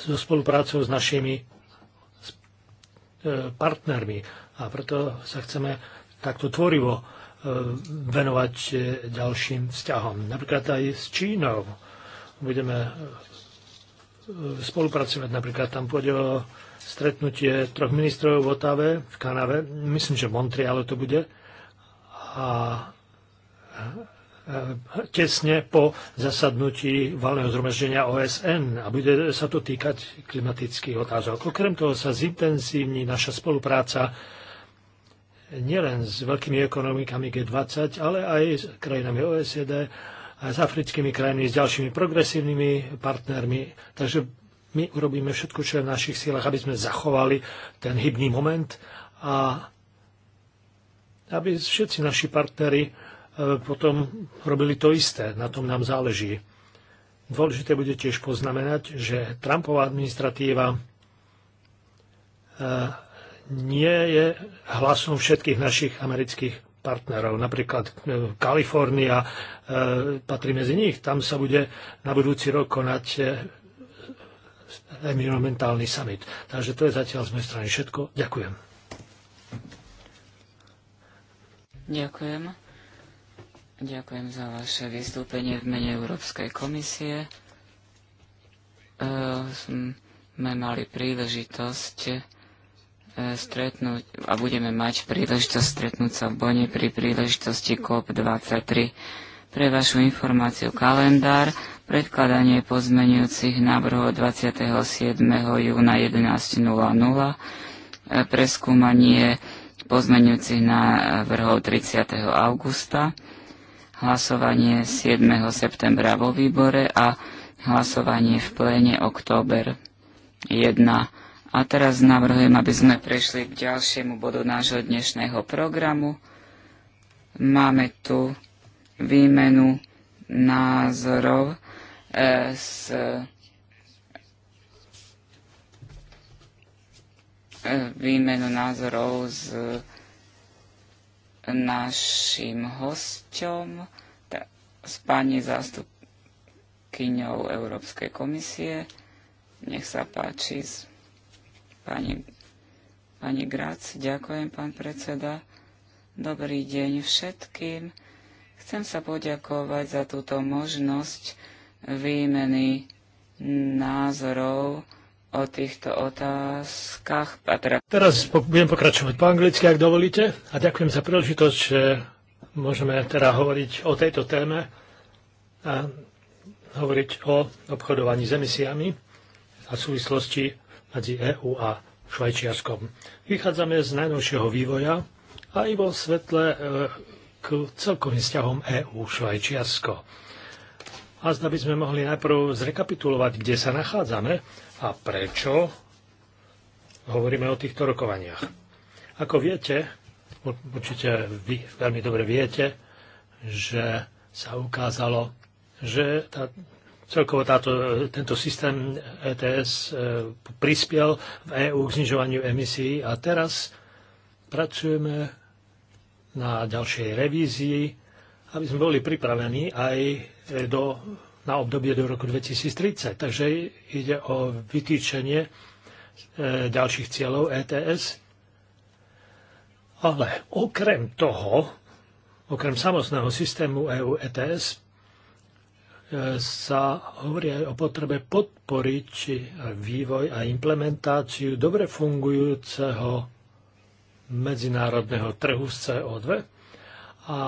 so spoluprácou s našimi e, partnermi. A preto sa chceme takto tvorivo e, venovať ďalším vzťahom. Napríklad aj s Čínou budeme spolupracovať. Napríklad tam pôjde o stretnutie troch ministrov v Otave, v Kanave, myslím, že v Montreale to bude, a e, e, tesne po zasadnutí valného zhromaždenia OSN a bude sa to týkať klimatických otázok. Okrem toho sa zintenzívni naša spolupráca nielen s veľkými ekonomikami G20, ale aj s krajinami OSD, e a s africkými krajinami, s ďalšími progresívnymi partnermi. Takže my urobíme všetko, čo je v našich sílach, aby sme zachovali ten hybný moment a aby všetci naši partnery e, potom robili to isté. Na tom nám záleží. Dôležité bude tiež poznamenať, že Trumpová administratíva e, nie je hlasom všetkých našich amerických partnerov. Napríklad e, Kalifornia patrí medzi nich. Tam sa bude na budúci rok konať environmentálny summit. Takže to je zatiaľ z mojej strany všetko. Ďakujem. Ďakujem. Ďakujem za vaše vystúpenie v mene Európskej komisie. E, sme mali príležitosť e, stretnúť a budeme mať príležitosť stretnúť sa v Bone pri príležitosti COP23. Pre vašu informáciu kalendár Predkladanie pozmenujúcich návrhov 27. júna 11.00, e, preskúmanie pozmenujúcich návrhov 30. augusta, hlasovanie 7. septembra vo výbore a hlasovanie v pléne október 1. A teraz navrhujem, aby sme prešli k ďalšiemu bodu nášho dnešného programu. Máme tu výmenu názorov E, s e, výmenu názorov s našim hosťom, s pani zástupkyňou Európskej komisie. Nech sa páči, pani, pani Grac, ďakujem, pán predseda. Dobrý deň všetkým. Chcem sa poďakovať za túto možnosť výmeny názorov o týchto otázkach. Patra. Teda- Teraz po, budem pokračovať po anglicky, ak dovolíte. A ďakujem za príležitosť, že môžeme teda hovoriť o tejto téme a hovoriť o obchodovaní s emisiami a súvislosti medzi EU a Švajčiarskom. Vychádzame z najnovšieho vývoja a i vo svetle e, k celkovým vzťahom EU-Švajčiarsko a zda by sme mohli najprv zrekapitulovať, kde sa nachádzame a prečo hovoríme o týchto rokovaniach. Ako viete, určite vy veľmi dobre viete, že sa ukázalo, že tá, celkovo táto, tento systém ETS e, prispiel v EÚ k znižovaniu emisí a teraz pracujeme na ďalšej revízii, aby sme boli pripravení aj E, do, na obdobie do roku 2030. Takže ide o vytýčenie e, ďalších cieľov ETS. Ale okrem toho, okrem samotného systému EU ETS, e, sa hovorí aj o potrebe podporiť vývoj a implementáciu dobre fungujúceho medzinárodného trhu s CO2 a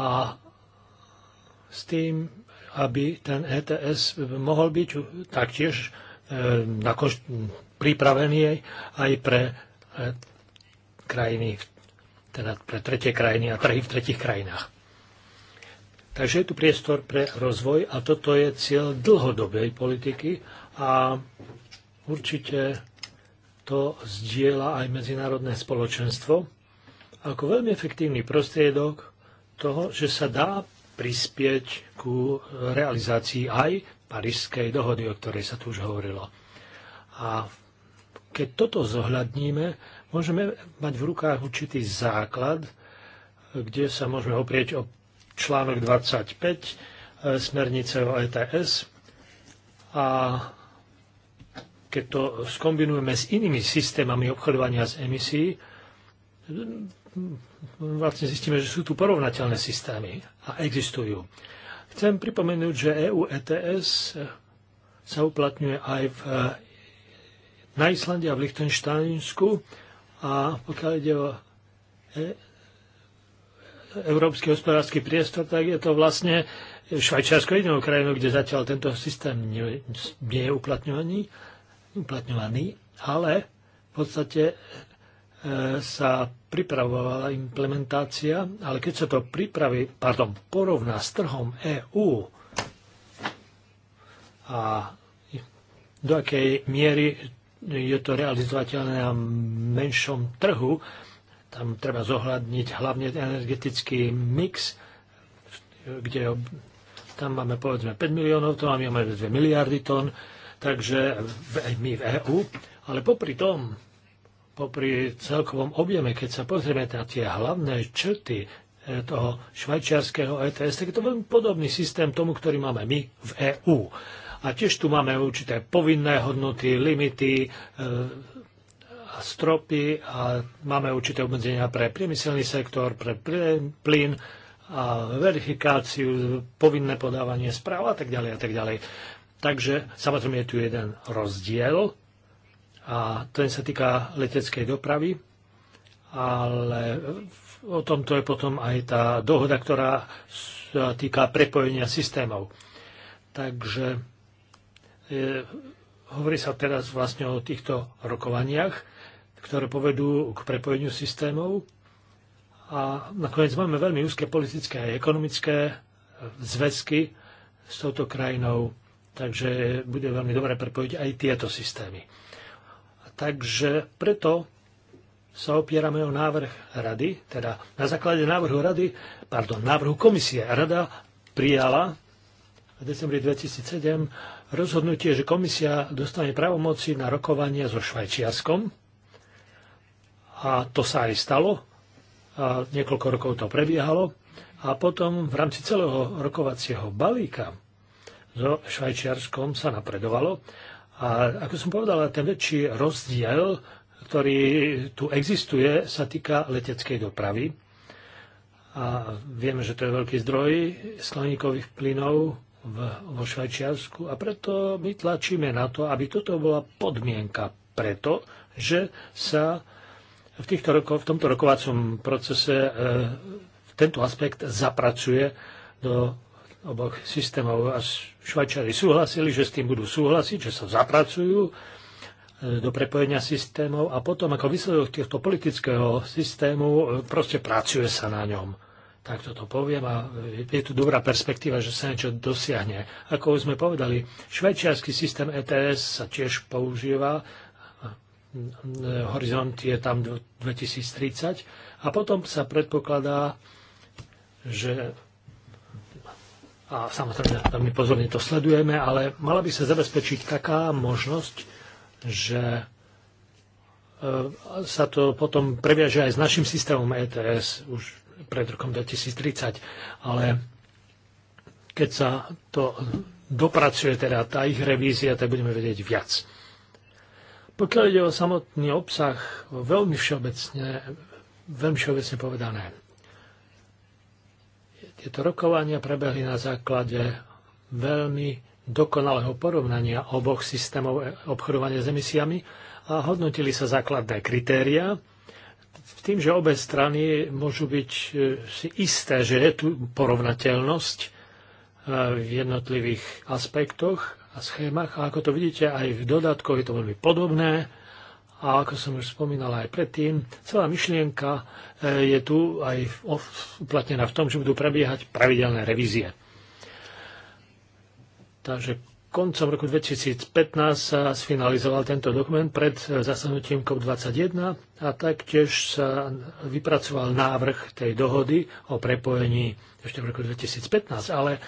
s tým aby ten ETS mohol byť taktiež e, pripravený aj pre e, krajiny, teda pre tretie krajiny a trhy v tretich krajinách. Takže je tu priestor pre rozvoj a toto je cieľ dlhodobej politiky a určite to zdieľa aj medzinárodné spoločenstvo ako veľmi efektívny prostriedok toho, že sa dá prispieť ku realizácii aj Parížskej dohody, o ktorej sa tu už hovorilo. A keď toto zohľadníme, môžeme mať v rukách určitý základ, kde sa môžeme oprieť o článok 25 e, smernice o ETS a keď to skombinujeme s inými systémami obchodovania s emisí, vlastne zistíme, že sú tu porovnateľné systémy a existujú. Chcem pripomenúť, že EU ETS sa uplatňuje aj v, eh, na Islande a v Lichtensteinsku a pokiaľ ide o e, európsky hospodársky priestor, tak je to vlastne Švajčiarsko jedinou krajinou, kde zatiaľ tento systém nie, nie je uplatňovaný, uplatňovaný, ale v podstate sa pripravovala implementácia, ale keď sa to pripraví, pardon, porovná s trhom EÚ a do akej miery je to realizovateľné na menšom trhu, tam treba zohľadniť hlavne energetický mix, kde tam máme povedzme 5 miliónov tón, my máme 2 miliardy tón, takže my v EÚ, ale popri tom popri celkovom objeme, keď sa pozrieme na tie hlavné črty e, toho švajčiarského ETS, tak je to veľmi podobný systém tomu, ktorý máme my v EÚ. A tiež tu máme určité povinné hodnoty, limity, e, stropy a máme určité obmedzenia pre priemyselný sektor, pre plyn a verifikáciu, povinné podávanie správ a tak ďalej a tak ďalej. Takže samozrejme je tu jeden rozdiel a ten sa týka leteckej dopravy, ale o tomto je potom aj tá dohoda, ktorá sa týka prepojenia systémov. Takže je, hovorí sa teraz vlastne o týchto rokovaniach, ktoré povedú k prepojeniu systémov a nakoniec máme veľmi úzke politické a ekonomické zväzky s touto krajinou, takže bude veľmi dobre prepojiť aj tieto systémy. Takže preto sa opierame o návrh rady, teda na základe návrhu rady, pardon, návrhu komisie. Rada prijala v decembri 2007 rozhodnutie, že komisia dostane pravomoci na rokovanie so Švajčiarskom. A to sa aj stalo. A niekoľko rokov to prebiehalo. A potom v rámci celého rokovacieho balíka so Švajčiarskom sa napredovalo a ako som povedal, ten väčší rozdiel, ktorý tu existuje, sa týka leteckej dopravy. A vieme, že to je veľký zdroj skleníkových plynov v, vo Švajčiarsku a preto my tlačíme na to, aby toto bola podmienka preto, že sa v, týchto roko, v tomto rokovacom procese e, tento aspekt zapracuje do oboch systémov a Švajčari súhlasili, že s tým budú súhlasiť, že sa zapracujú e, do prepojenia systémov a potom ako výsledok tohto politického systému e, proste pracuje sa na ňom. Tak toto poviem a je tu dobrá perspektíva, že sa niečo dosiahne. Ako už sme povedali, švajčiarsky systém ETS sa tiež používa, horizont je tam 2030 a potom sa predpokladá, že a samozrejme veľmi pozorne to sledujeme, ale mala by sa zabezpečiť taká možnosť, že e, sa to potom previaže aj s našim systémom ETS už pred rokom 2030, ale keď sa to dopracuje, teda tá ich revízia, tak budeme vedieť viac. Pokiaľ ide o samotný obsah, veľmi všeobecne, veľmi všeobecne povedané, tieto rokovania prebehli na základe veľmi dokonalého porovnania oboch systémov obchodovania s emisiami a hodnotili sa základné kritéria, v tým, že obe strany môžu byť e, si isté, že je tu porovnateľnosť e, v jednotlivých aspektoch a schémach. A ako to vidíte, aj v dodatkoch je to veľmi podobné a ako som už spomínal aj predtým, celá myšlienka e, je tu aj uplatnená v tom, že budú prebiehať pravidelné revízie. Takže koncom roku 2015 sa sfinalizoval tento dokument pred e, zasadnutím COP21 a taktiež sa vypracoval návrh tej dohody o prepojení ešte v roku 2015, ale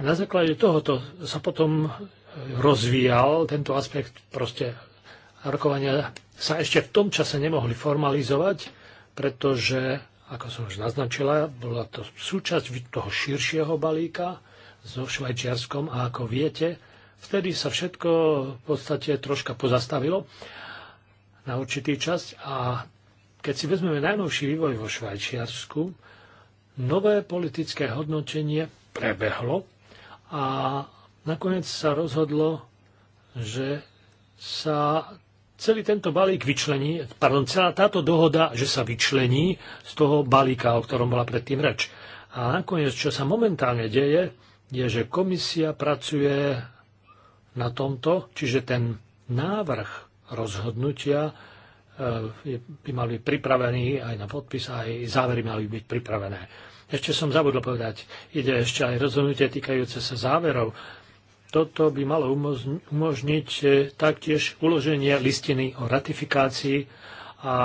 na základe tohoto sa potom rozvíjal tento aspekt proste rokovania sa ešte v tom čase nemohli formalizovať, pretože, ako som už naznačila, bola to súčasť toho širšieho balíka so Švajčiarskom a ako viete, vtedy sa všetko v podstate troška pozastavilo na určitý časť. a keď si vezmeme najnovší vývoj vo Švajčiarsku, nové politické hodnotenie prebehlo a nakoniec sa rozhodlo, že sa celý tento balík vyčlení, pardon, celá táto dohoda, že sa vyčlení z toho balíka, o ktorom bola predtým reč. A nakoniec, čo sa momentálne deje, je, že komisia pracuje na tomto, čiže ten návrh rozhodnutia e, by mal byť pripravený aj na podpis, aj závery mali byť pripravené. Ešte som zabudol povedať, ide ešte aj rozhodnutie týkajúce sa záverov toto by malo umožniť e, taktiež uloženie listiny o ratifikácii a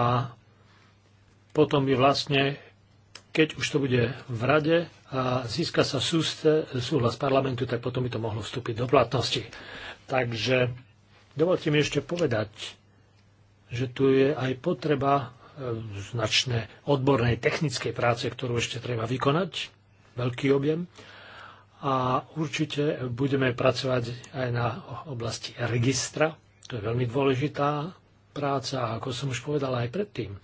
potom by vlastne, keď už to bude v rade a získa sa súste, súhlas parlamentu, tak potom by to mohlo vstúpiť do platnosti. Takže dovolte mi ešte povedať, že tu je aj potreba e, značné odbornej technickej práce, ktorú ešte treba vykonať, veľký objem, a určite budeme pracovať aj na oblasti registra. To je veľmi dôležitá práca, a ako som už povedal aj predtým. E,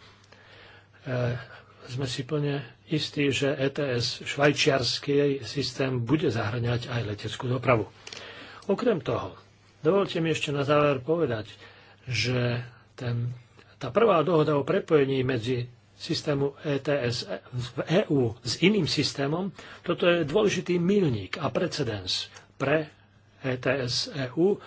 sme si plne istí, že ETS švajčiarský systém bude zahrňať aj leteckú dopravu. Okrem toho, dovolte mi ešte na záver povedať, že ten, tá prvá dohoda o prepojení medzi systému ETS v EÚ s iným systémom, toto je dôležitý milník a precedens pre ETS EÚ,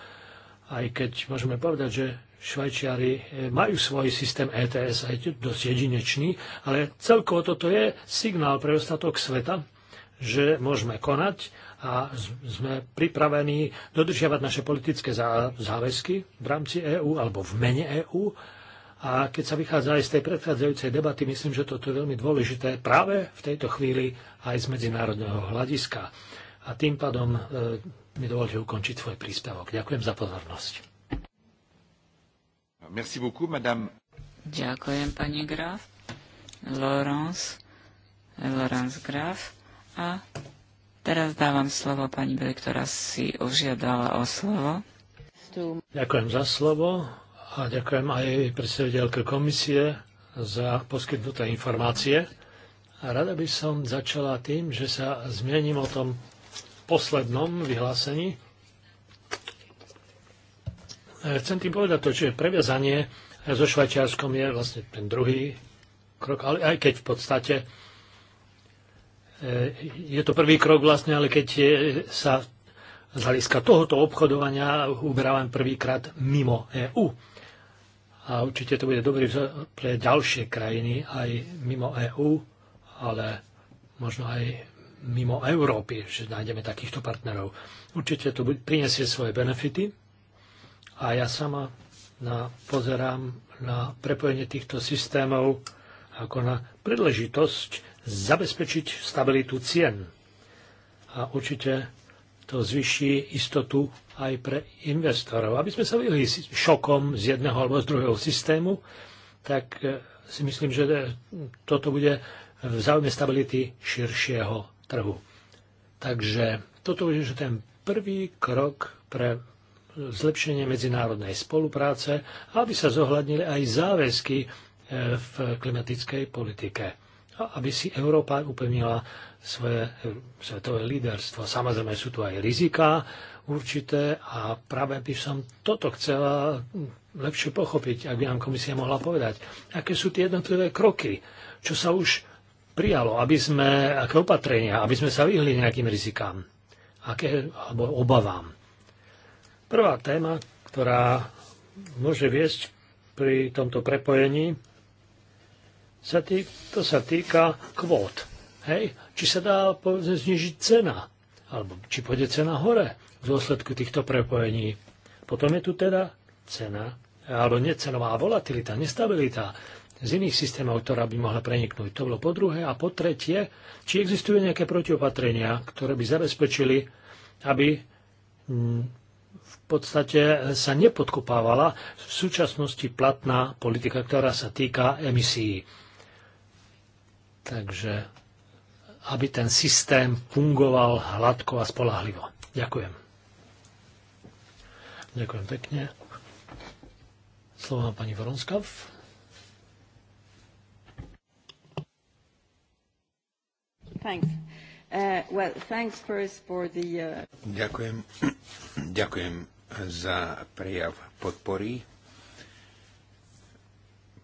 aj keď môžeme povedať, že Švajčiari e, majú svoj systém ETS, aj dosť jedinečný, ale celkovo toto je signál pre ostatok sveta, že môžeme konať a sme pripravení dodržiavať naše politické záväzky v rámci EÚ alebo v mene EÚ a keď sa vychádza aj z tej predchádzajúcej debaty, myslím, že toto je veľmi dôležité práve v tejto chvíli aj z medzinárodného hľadiska. A tým pádom e, mi dovolte ukončiť svoj príspevok. Ďakujem za pozornosť. Merci beaucoup, madame. Ďakujem, pani Graf. Laurence, Laurence Graf. A teraz dávam slovo pani Bele, ktorá si ožiadala o slovo. Ďakujem za slovo a ďakujem aj predstaviteľke komisie za poskytnuté informácie. A rada by som začala tým, že sa zmiením o tom poslednom vyhlásení. E, chcem tým povedať to, že previazanie so Švajčiarskom je vlastne ten druhý krok, ale aj keď v podstate e, je to prvý krok vlastne, ale keď je, sa z hľadiska tohoto obchodovania len prvýkrát mimo EÚ a určite to bude dobrý vzor pre ďalšie krajiny aj mimo EÚ, ale možno aj mimo Európy, že nájdeme takýchto partnerov. Určite to prinesie svoje benefity a ja sama na, pozerám na prepojenie týchto systémov ako na príležitosť zabezpečiť stabilitu cien. A určite to zvyší istotu aj pre investorov. Aby sme sa vyhli šokom z jedného alebo z druhého systému, tak e, si myslím, že e, toto bude v záujme stability širšieho trhu. Takže toto je že ten prvý krok pre zlepšenie medzinárodnej spolupráce, aby sa zohľadnili aj záväzky e, v klimatickej politike aby si Európa upevnila svoje svetové líderstvo. Samozrejme sú tu aj rizika určité a práve by som toto chcela lepšie pochopiť, ak by nám komisia mohla povedať, aké sú tie jednotlivé kroky, čo sa už prijalo, aby sme, aké opatrenia, aby sme sa vyhli nejakým rizikám, aké, alebo obavám. Prvá téma, ktorá môže viesť pri tomto prepojení sa tý, to sa týka kvót. Hej? Či sa dá povedzme znižiť cena, alebo či pôjde cena hore v dôsledku týchto prepojení. Potom je tu teda cena, alebo necenová volatilita, nestabilita z iných systémov, ktorá by mohla preniknúť. To bolo po druhé. A po tretie, či existujú nejaké protiopatrenia, ktoré by zabezpečili, aby mm, v podstate sa nepodkopávala v súčasnosti platná politika, ktorá sa týka emisí. Takže aby ten systém fungoval hladko a spolahlivo. Ďakujem. Ďakujem pekne. Slovo má pani Voronskov. Thanks. Uh, well, thanks first for the, uh... Ďakujem. [clears throat] Ďakujem za prejav podpory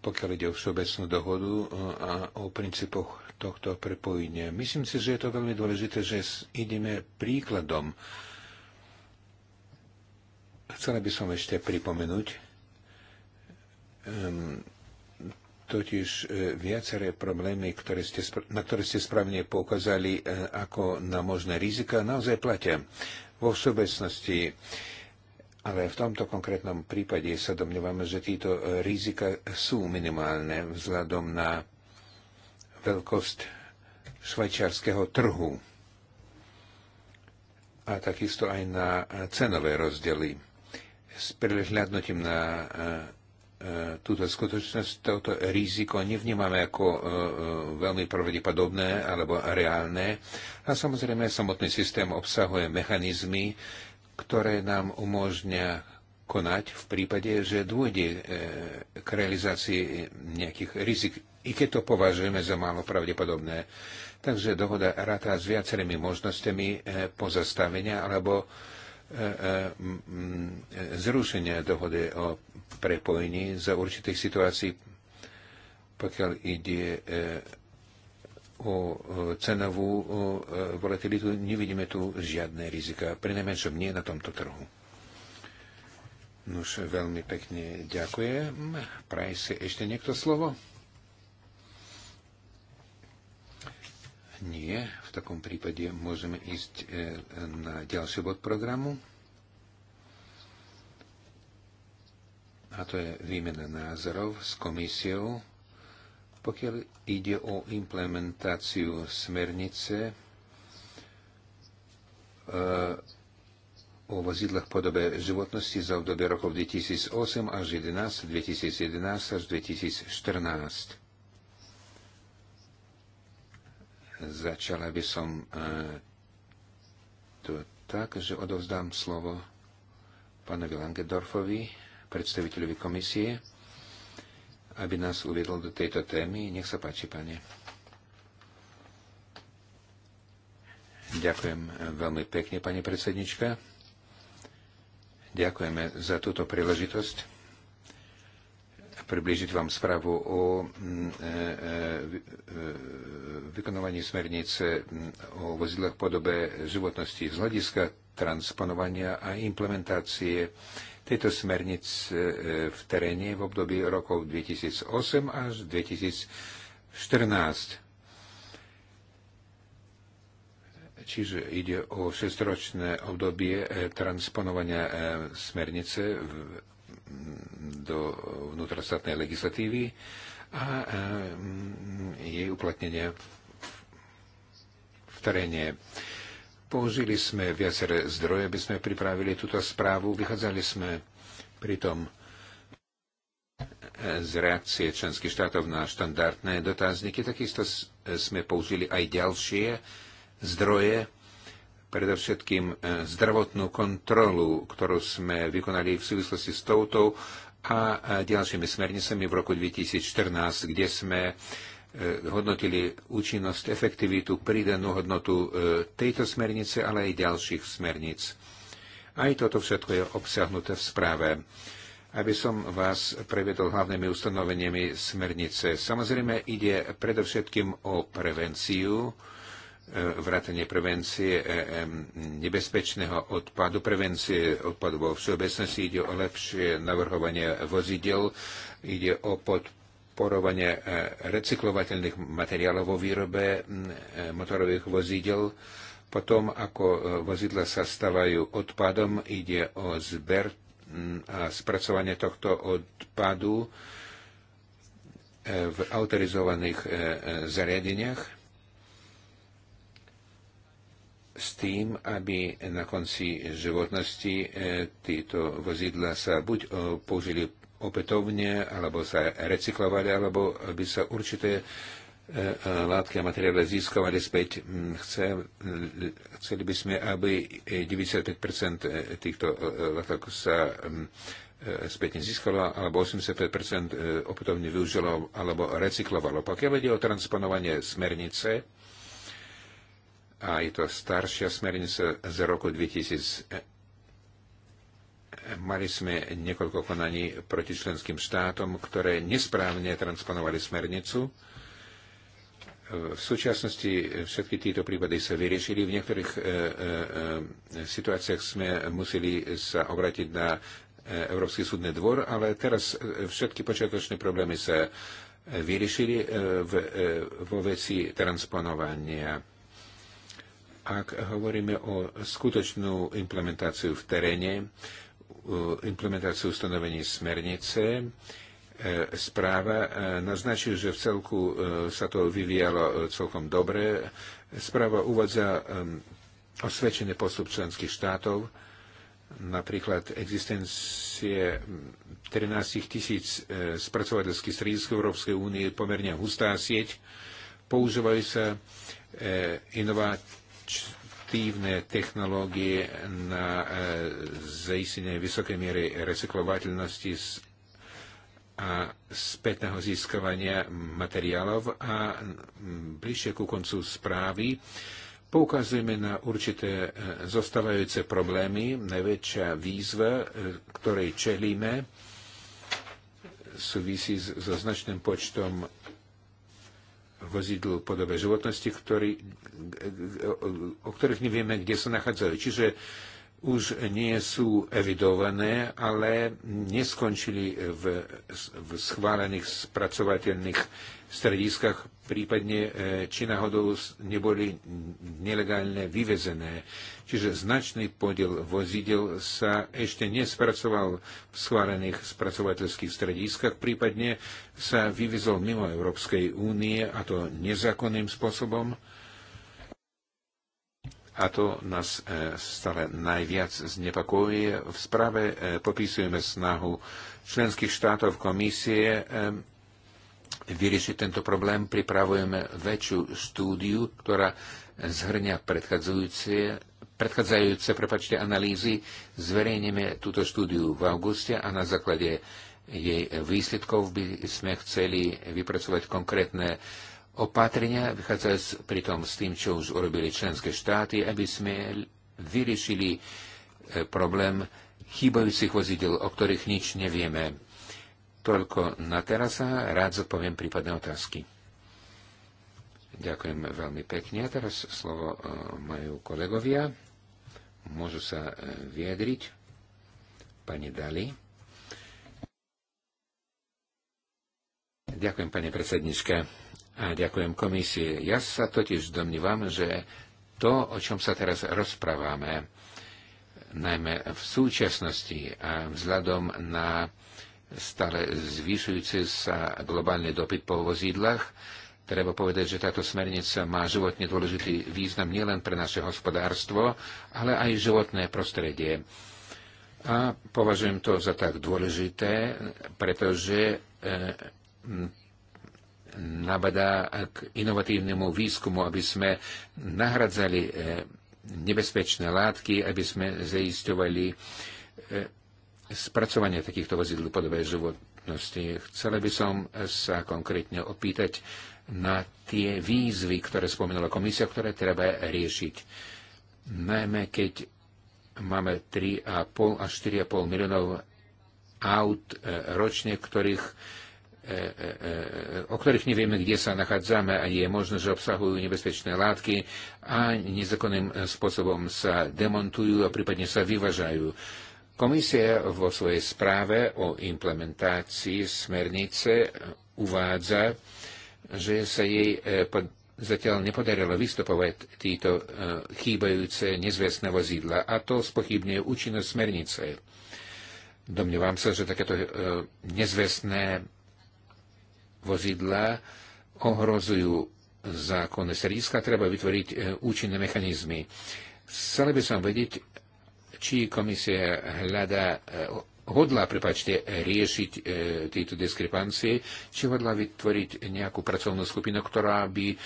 pokiaľ ide o všeobecnú dohodu e, a o princípoch tohto prepojenia. Myslím si, že je to veľmi dôležité, že ideme príkladom. Chcela by som ešte pripomenúť, um, totiž e, viaceré problémy, ktoré ste, na ktoré ste správne poukázali e, ako na možné rizika, naozaj platia. Vo všeobecnosti ale v tomto konkrétnom prípade sa domnievame, že títo e, rizika sú minimálne vzhľadom na veľkosť švajčiarského trhu a takisto aj na e, cenové rozdiely. S prehľadnutím na e, túto skutočnosť, toto riziko nevnímame ako veľmi pravdepodobné alebo reálne. A samozrejme, samotný systém obsahuje mechanizmy, ktoré nám umožňa konať v prípade, že dôjde e, k realizácii nejakých rizik, i keď to považujeme za málo pravdepodobné. Takže dohoda ráta s viacerými možnosťami e, pozastavenia alebo e, zrušenia dohody o prepojení za určitých situácií, pokiaľ ide o cenovú e, volatilitu, nevidíme tu žiadne rizika, prinajmenšom nie na tomto trhu. Nuž, veľmi pekne ďakujem. Praj si ešte niekto slovo? Nie, v takom prípade môžeme ísť e, na ďalší bod programu. A to je výmena názorov s komisiou pokiaľ ide o implementáciu smernice eh, o vozidlách podobe životnosti za obdobie rokov 2008 až 2011, 2011 až 2014. Začala by som eh, to tak, že odovzdám slovo pánovi Langedorfovi, predstaviteľovi komisie aby nás uviedol do tejto témy. Nech sa páči, pane. Ďakujem veľmi pekne, pani predsednička. Ďakujeme za túto príležitosť približiť vám správu o mm, e, e, vykonovaní smernice o vozidlách podobe životnosti z hľadiska transponovania a implementácie tejto smernic e, v teréne v období rokov 2008 až 2014. Čiže ide o šestročné obdobie e, transponovania e, smernice do vnútrostatnej legislatívy a jej uplatnenia v teréne. Použili sme viaceré zdroje, aby sme pripravili túto správu. Vychádzali sme pritom z reakcie členských štátov na štandardné dotazníky. Takisto sme použili aj ďalšie zdroje, predovšetkým e, zdravotnú kontrolu, ktorú sme vykonali v súvislosti s touto a ďalšími smernicami v roku 2014, kde sme E, hodnotili účinnosť, efektivitu, pridanú hodnotu e, tejto smernice, ale aj ďalších smerníc. Aj toto všetko je obsiahnuté v správe. Aby som vás prevedol hlavnými ustanoveniami smernice. Samozrejme ide predovšetkým o prevenciu, e, vrátanie prevencie nebezpečného odpadu, prevencie odpadu vo všeobecnosti, ide o lepšie navrhovanie vozidel, ide o podporu podporovanie e, recyklovateľných materiálov vo výrobe e, motorových vozidel. Potom, ako e, vozidla sa stávajú odpadom, ide o zber a spracovanie tohto odpadu v autorizovaných zariadeniach s tým, aby na konci životnosti títo vozidla sa buď použili opätovne, alebo sa recyklovali, alebo by sa určité e, e, látky a materiály získavali späť. Mm, chceli by sme, aby 95% e, týchto látok sa mm, späť nezískalo, alebo 85% opätovne využilo alebo recyklovalo. Pokiaľ ide o transponovanie smernice, a je to staršia smernica z roku 2000, Mali sme niekoľko konaní proti členským štátom, ktoré nesprávne transponovali smernicu. V súčasnosti všetky títo prípady sa vyriešili. V niektorých e, e, e situáciách sme museli sa obratiť na e, Európsky súdny dvor, ale teraz e, všetky počiatočné problémy sa vyriešili v, vo veci transponovania. Ak hovoríme o skutočnú implementáciu v teréne, E, implementáciu ustanovení smernice. E, správa e, naznačuje, že v celku sa to vyvíjalo celkom dobre. Správa uvádza osvedčený postup členských štátov, napríklad existencie 13 tisíc spracovateľských stredisk Európskej únie, pomerne hustá sieť. Používajú sa inováč inovatívne technológie na e, zaistenie vysokej miery recyklovateľnosti a spätného získavania materiálov a bližšie ku koncu správy poukazujeme na určité e, zostávajúce problémy. Najväčšia výzva, e, ktorej čelíme, súvisí so značným počtom vozidl podobe životnosti, ktorý, o ktorých nevieme, kde sa nachádzajú. Čiže už nie sú evidované, ale neskončili v, v schválených spracovateľných strediskách, prípadne e, či náhodou neboli nelegálne vyvezené. Čiže značný podiel vozidel sa ešte nespracoval v schválených spracovateľských strediskách, prípadne sa vyvezol mimo Európskej únie, a to nezákonným spôsobom a to nás e, stále najviac znepokojuje. V správe e, popisujeme snahu členských štátov komisie e, vyriešiť tento problém. Pripravujeme väčšiu štúdiu, ktorá zhrňa predchádzajúce, predchádzajúce prepačte, analýzy. Zverejneme túto štúdiu v auguste a na základe jej výsledkov by sme chceli vypracovať konkrétne Opatrenia vychádzajú pritom s tým, čo už urobili členské štáty, aby sme vyriešili e, problém chýbajúcich vozidel, o ktorých nič nevieme. Toľko na teraz a rád zodpoviem prípadné otázky. Ďakujem veľmi pekne. A teraz slovo e, majú kolegovia. Môžu sa e, vyjadriť. Pani Dali. Ďakujem, pani predsednička. A ďakujem komisie. Ja sa totiž domnívam, že to, o čom sa teraz rozprávame, najmä v súčasnosti a vzhľadom na stále zvyšujúci sa globálny dopyt po vozidlách, Treba povedať, že táto smernica má životne dôležitý význam nielen pre naše hospodárstvo, ale aj životné prostredie. A považujem to za tak dôležité, pretože eh, nabadá k inovatívnemu výskumu, aby sme nahradzali eh, nebezpečné látky, aby sme zaisťovali eh, spracovanie takýchto vozidl podobej životnosti. Chcela by som sa konkrétne opýtať na tie výzvy, ktoré spomínala komisia, ktoré treba riešiť. Najmä keď máme 3,5 až 4,5 miliónov aut eh, ročne, ktorých E, e, e, o ktorých nevieme, kde sa nachádzame a je možné, že obsahujú nebezpečné látky a nezakonným spôsobom sa demontujú a prípadne sa vyvažajú. Komisia vo svojej správe o implementácii smernice uvádza, že sa jej zatiaľ nepodarilo vystupovať títo chýbajúce nezvestné vozidla a to spochybňuje účinnosť smernice. Domnievam sa, že takéto nezvestné vozidla ohrozujú zákonné strediska, treba vytvoriť e, účinné mechanizmy. Chcel by som vedieť, či komisia hľada, e, hodla, prepačte, riešiť e, tieto diskrepancie, či hodla vytvoriť nejakú pracovnú skupinu, ktorá by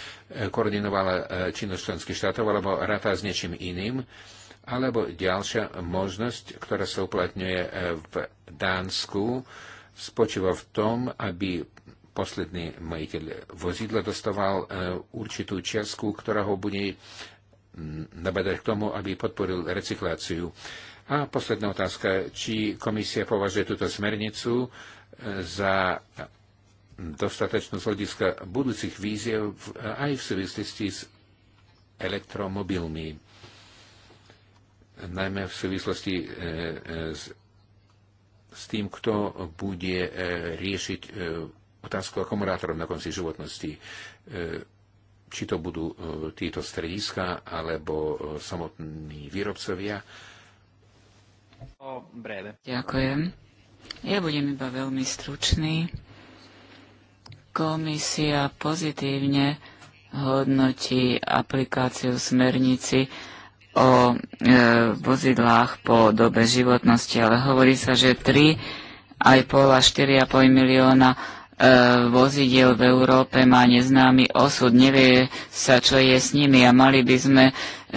koordinovala činnosť členských štátov alebo rata s niečím iným. Alebo ďalšia možnosť, ktorá sa uplatňuje v Dánsku, spočíva v tom, aby posledný majiteľ vozidla dostával e, určitú čiastku, ktorá ho bude nabadať k tomu, aby podporil recykláciu. A posledná otázka, či komisia považuje túto smernicu e, za dostatečnú z hľadiska budúcich víziev aj v súvislosti s elektromobilmi, najmä v súvislosti e, s, s tým, kto bude riešiť otázku akumulátorov na konci životnosti. E, či to budú e, títo strediska alebo e, samotní výrobcovia? Ďakujem. Ja budem iba veľmi stručný. Komisia pozitívne hodnotí aplikáciu smernici o e, vozidlách po dobe životnosti, ale hovorí sa, že 3 aj pol a 4,5 milióna Eh, vozidiel v Európe má neznámy osud, nevie sa, čo je s nimi a mali by sme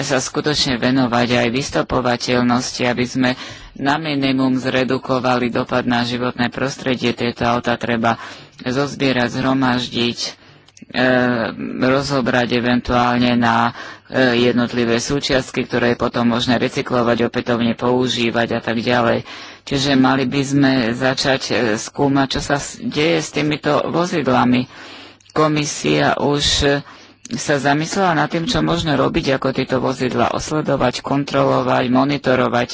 sa skutočne venovať aj vystopovateľnosti, aby sme na minimum zredukovali dopad na životné prostredie. Tieto auta treba zozbierať, zhromaždiť, e, rozobrať eventuálne na e, jednotlivé súčiastky, ktoré je potom možné recyklovať, opätovne používať a tak ďalej Čiže mali by sme začať e, skúmať, čo sa deje s týmito vozidlami. Komisia už e, sa zamyslela nad tým, čo možno robiť, ako tieto vozidla osledovať, kontrolovať, monitorovať.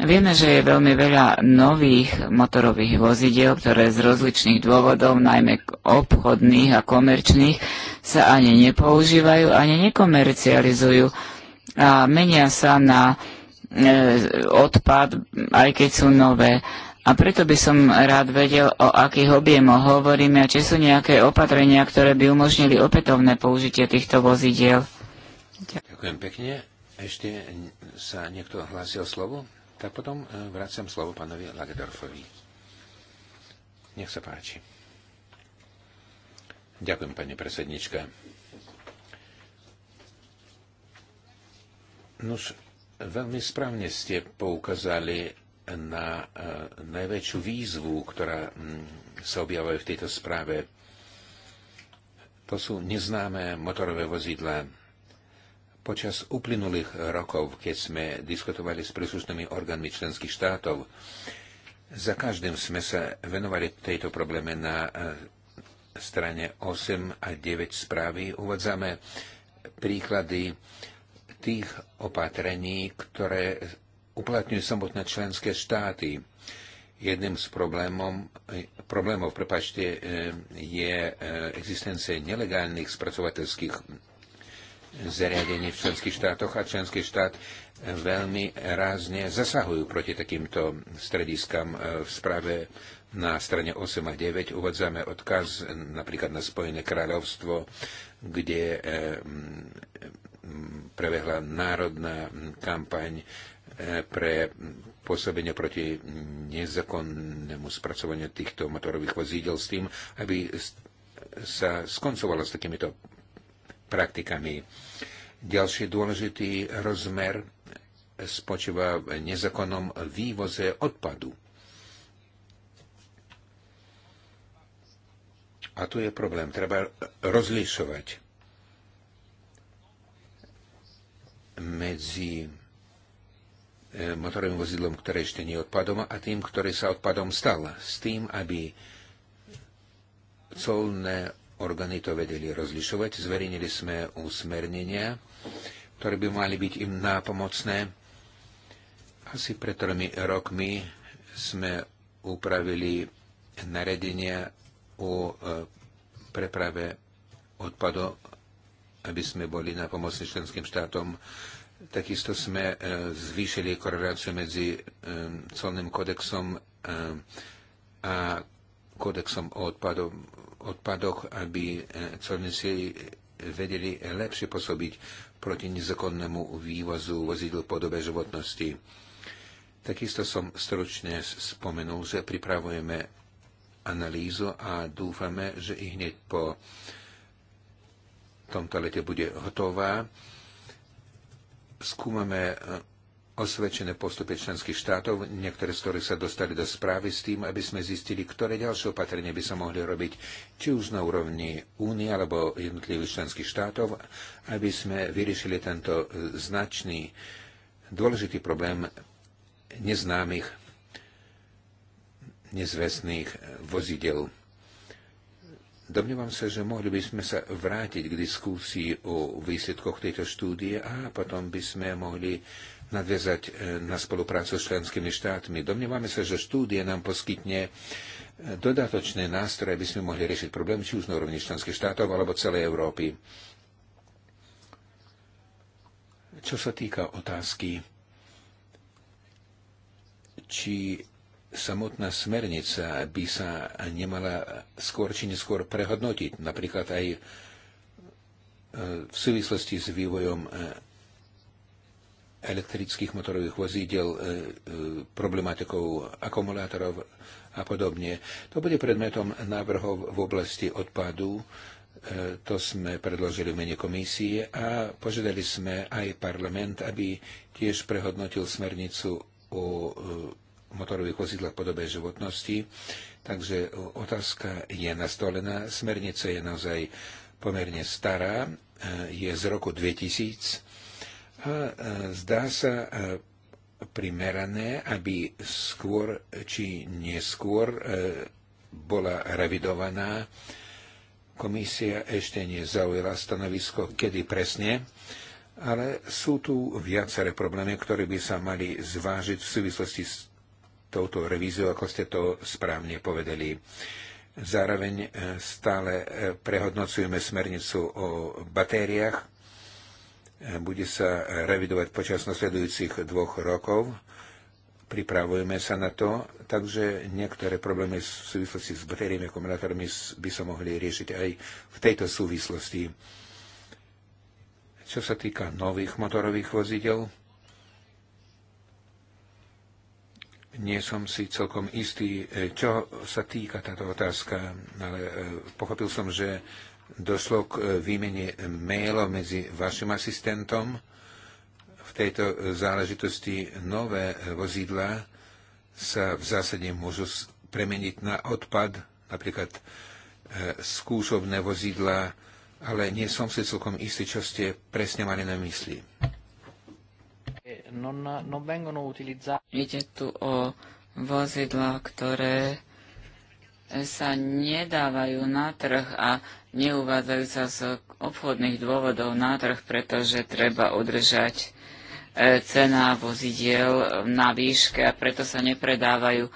Vieme, že je veľmi veľa nových motorových vozidiel, ktoré z rozličných dôvodov, najmä obchodných a komerčných, sa ani nepoužívajú, ani nekomercializujú a menia sa na E, odpad, aj keď sú nové. A preto by som rád vedel, o akých objemoch hovoríme a či sú nejaké opatrenia, ktoré by umožnili opätovné použitie týchto vozidiel. Ďakujem pekne. Ešte sa niekto hlásil slovo? Tak potom e, vraciam slovo pánovi Lagedorfovi. Nech sa páči. Ďakujem, pani predsednička. No, Veľmi správne ste poukázali na e, najväčšiu výzvu, ktorá mm, sa objavuje v tejto správe. To sú neznáme motorové vozidla. Počas uplynulých rokov, keď sme diskutovali s príslušnými orgánmi členských štátov, za každým sme sa venovali tejto probléme na e, strane 8 a 9 správy. Uvádzame príklady tých opatrení, ktoré uplatňujú samotné členské štáty. Jedným z problémom, problémov prepačte, e, je e, existencia nelegálnych spracovateľských zariadení v členských štátoch a členský štát veľmi rázne zasahujú proti takýmto strediskám e, v správe na strane 8 a 9 uvádzame odkaz napríklad na Spojené kráľovstvo, kde prebehla národná kampaň eh, pre pôsobenie proti nezakonnému spracovaniu týchto motorových vozídel s tým, aby sa skoncovalo s takýmito praktikami. Ďalší dôležitý rozmer spočíva v nezakonnom vývoze odpadu. A tu je problém. Treba rozlišovať medzi e, motorovým vozidlom, ktoré ešte nie je odpadom, a tým, ktorý sa odpadom stal. S tým, aby colné orgány to vedeli rozlišovať, zverejnili sme usmernenia, ktoré by mali byť im nápomocné. Asi pred tromi rokmi sme upravili naredenia o e, preprave odpadov aby sme boli na pomoci členským štátom. Takisto sme e, zvýšili koreláciu medzi e, colným kodexom e, a kodexom o odpadoch, aby colníci vedeli lepšie pôsobiť proti nezakonnému vývozu vozidl podobe životnosti. Takisto som stručne spomenul, že pripravujeme analýzu a dúfame, že i hneď po tomto lete bude hotová. Skúmame e, osvedčené postupy členských štátov, niektoré z ktorých sa dostali do správy s tým, aby sme zistili, ktoré ďalšie opatrenia by sa mohli robiť, či už na úrovni únie alebo jednotlivých členských štátov, aby sme vyriešili tento e, značný, dôležitý problém neznámych, nezvestných e, vozidel. Domnievam sa, že mohli by sme sa vrátiť k diskusii o výsledkoch tejto štúdie a potom by sme mohli nadviazať e, na spoluprácu s členskými štátmi. Domnievame sa, že štúdie nám poskytne e, dodatočné nástroje, aby sme mohli riešiť problém či už na úrovni členských štátov alebo celej Európy. Čo sa týka otázky, či samotná smernica by sa nemala skôr či neskôr prehodnotiť, napríklad aj e, v súvislosti s vývojom e, elektrických motorových vozidel, e, problematikou akumulátorov a podobne. To bude predmetom návrhov v oblasti odpadu. To sme predložili v mene komisie a požiadali sme aj parlament, aby tiež prehodnotil smernicu o motorových vozidlách v podobe životnosti. Takže otázka je nastolená. Smernica je naozaj pomerne stará, e, je z roku 2000 a e, zdá sa e, primerané, aby skôr či neskôr bola revidovaná. Komisia ešte nezaujala stanovisko, kedy presne, ale sú tu viaceré problémy, ktoré by sa mali zvážiť v súvislosti s touto revíziou, ako ste to správne povedali. Zároveň e, stále e, prehodnocujeme smernicu o batériách. E, bude sa revidovať počas nasledujúcich dvoch rokov. Pripravujeme sa na to, takže niektoré problémy v súvislosti s batériami a komunátormi by sa mohli riešiť aj v tejto súvislosti. Čo sa týka nových motorových vozidel, Nie som si celkom istý, e, čo sa týka táto otázka, ale e, pochopil som, že došlo k e, výmene mailov medzi vašim asistentom v tejto záležitosti nové vozidla sa v zásade môžu premeniť na odpad, napríklad skúšobné vozidla, ale nie som si celkom istý, čo ste presne mali na mysli non, non vengono Ide tu o vozidlá, ktoré sa nedávajú na trh a neuvádzajú sa z obchodných dôvodov na trh, pretože treba udržať e, cena vozidiel na výške a preto sa nepredávajú. E,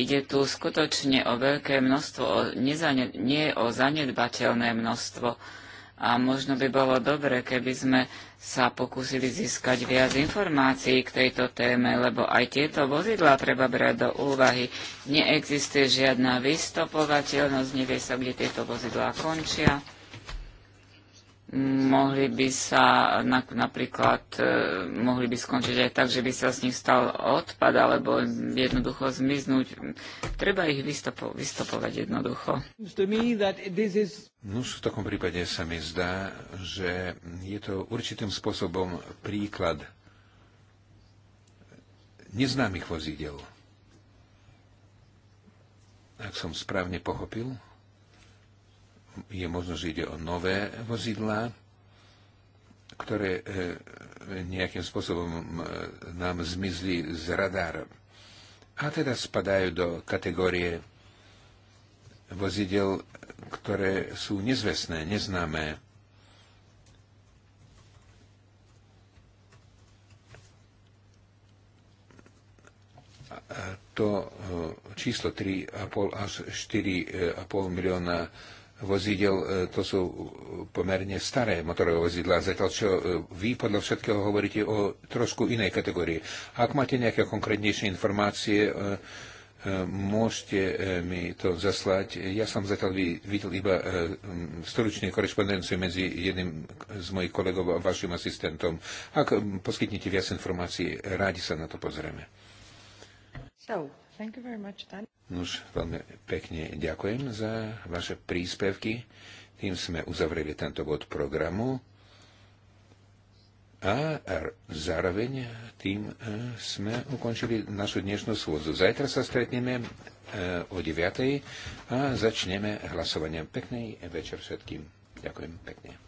ide tu skutočne o veľké množstvo, nie o zanedbateľné množstvo a možno by bolo dobre, keby sme sa pokúsili získať viac informácií k tejto téme, lebo aj tieto vozidlá treba brať do úvahy. Neexistuje žiadna vystopovateľnosť, nevie sa, kde tieto vozidlá končia mohli by sa napríklad e, mohli by skončiť aj tak, že by sa z nich stal odpad alebo jednoducho zmiznúť. Treba ich vystopo- vystopovať jednoducho. No v takom prípade sa mi zdá, že je to určitým spôsobom príklad neznámych vozidel. Ak som správne pochopil, je možno, že ide o nové vozidlá, ktoré e, nejakým spôsobom nám zmizli z radára. A teda spadajú do kategórie vozidel, ktoré sú nezvestné, neznáme. To e, číslo 3,5 až 4,5 e, milióna vozidel, e, to sú e, pomerne staré motorové vozidla, zatiaľ čo e, vy podľa všetkého hovoríte o trošku inej kategórii. Ak máte nejaké konkrétnejšie informácie, môžete mi to zaslať. Ja som zatiaľ videl iba stručnú korespondenciu medzi jedným z mojich kolegov a vašim asistentom. Ak poskytnete viac informácií, rádi sa na to pozrieme. So, thank you very much, Dan. Nuž, veľmi pekne ďakujem za vaše príspevky. Tým sme uzavreli tento bod programu a zároveň tým e, sme ukončili našu dnešnú schôdzu. Zajtra sa stretneme e, o 9.00 a začneme hlasovaniem. Pekný večer všetkým. Ďakujem pekne.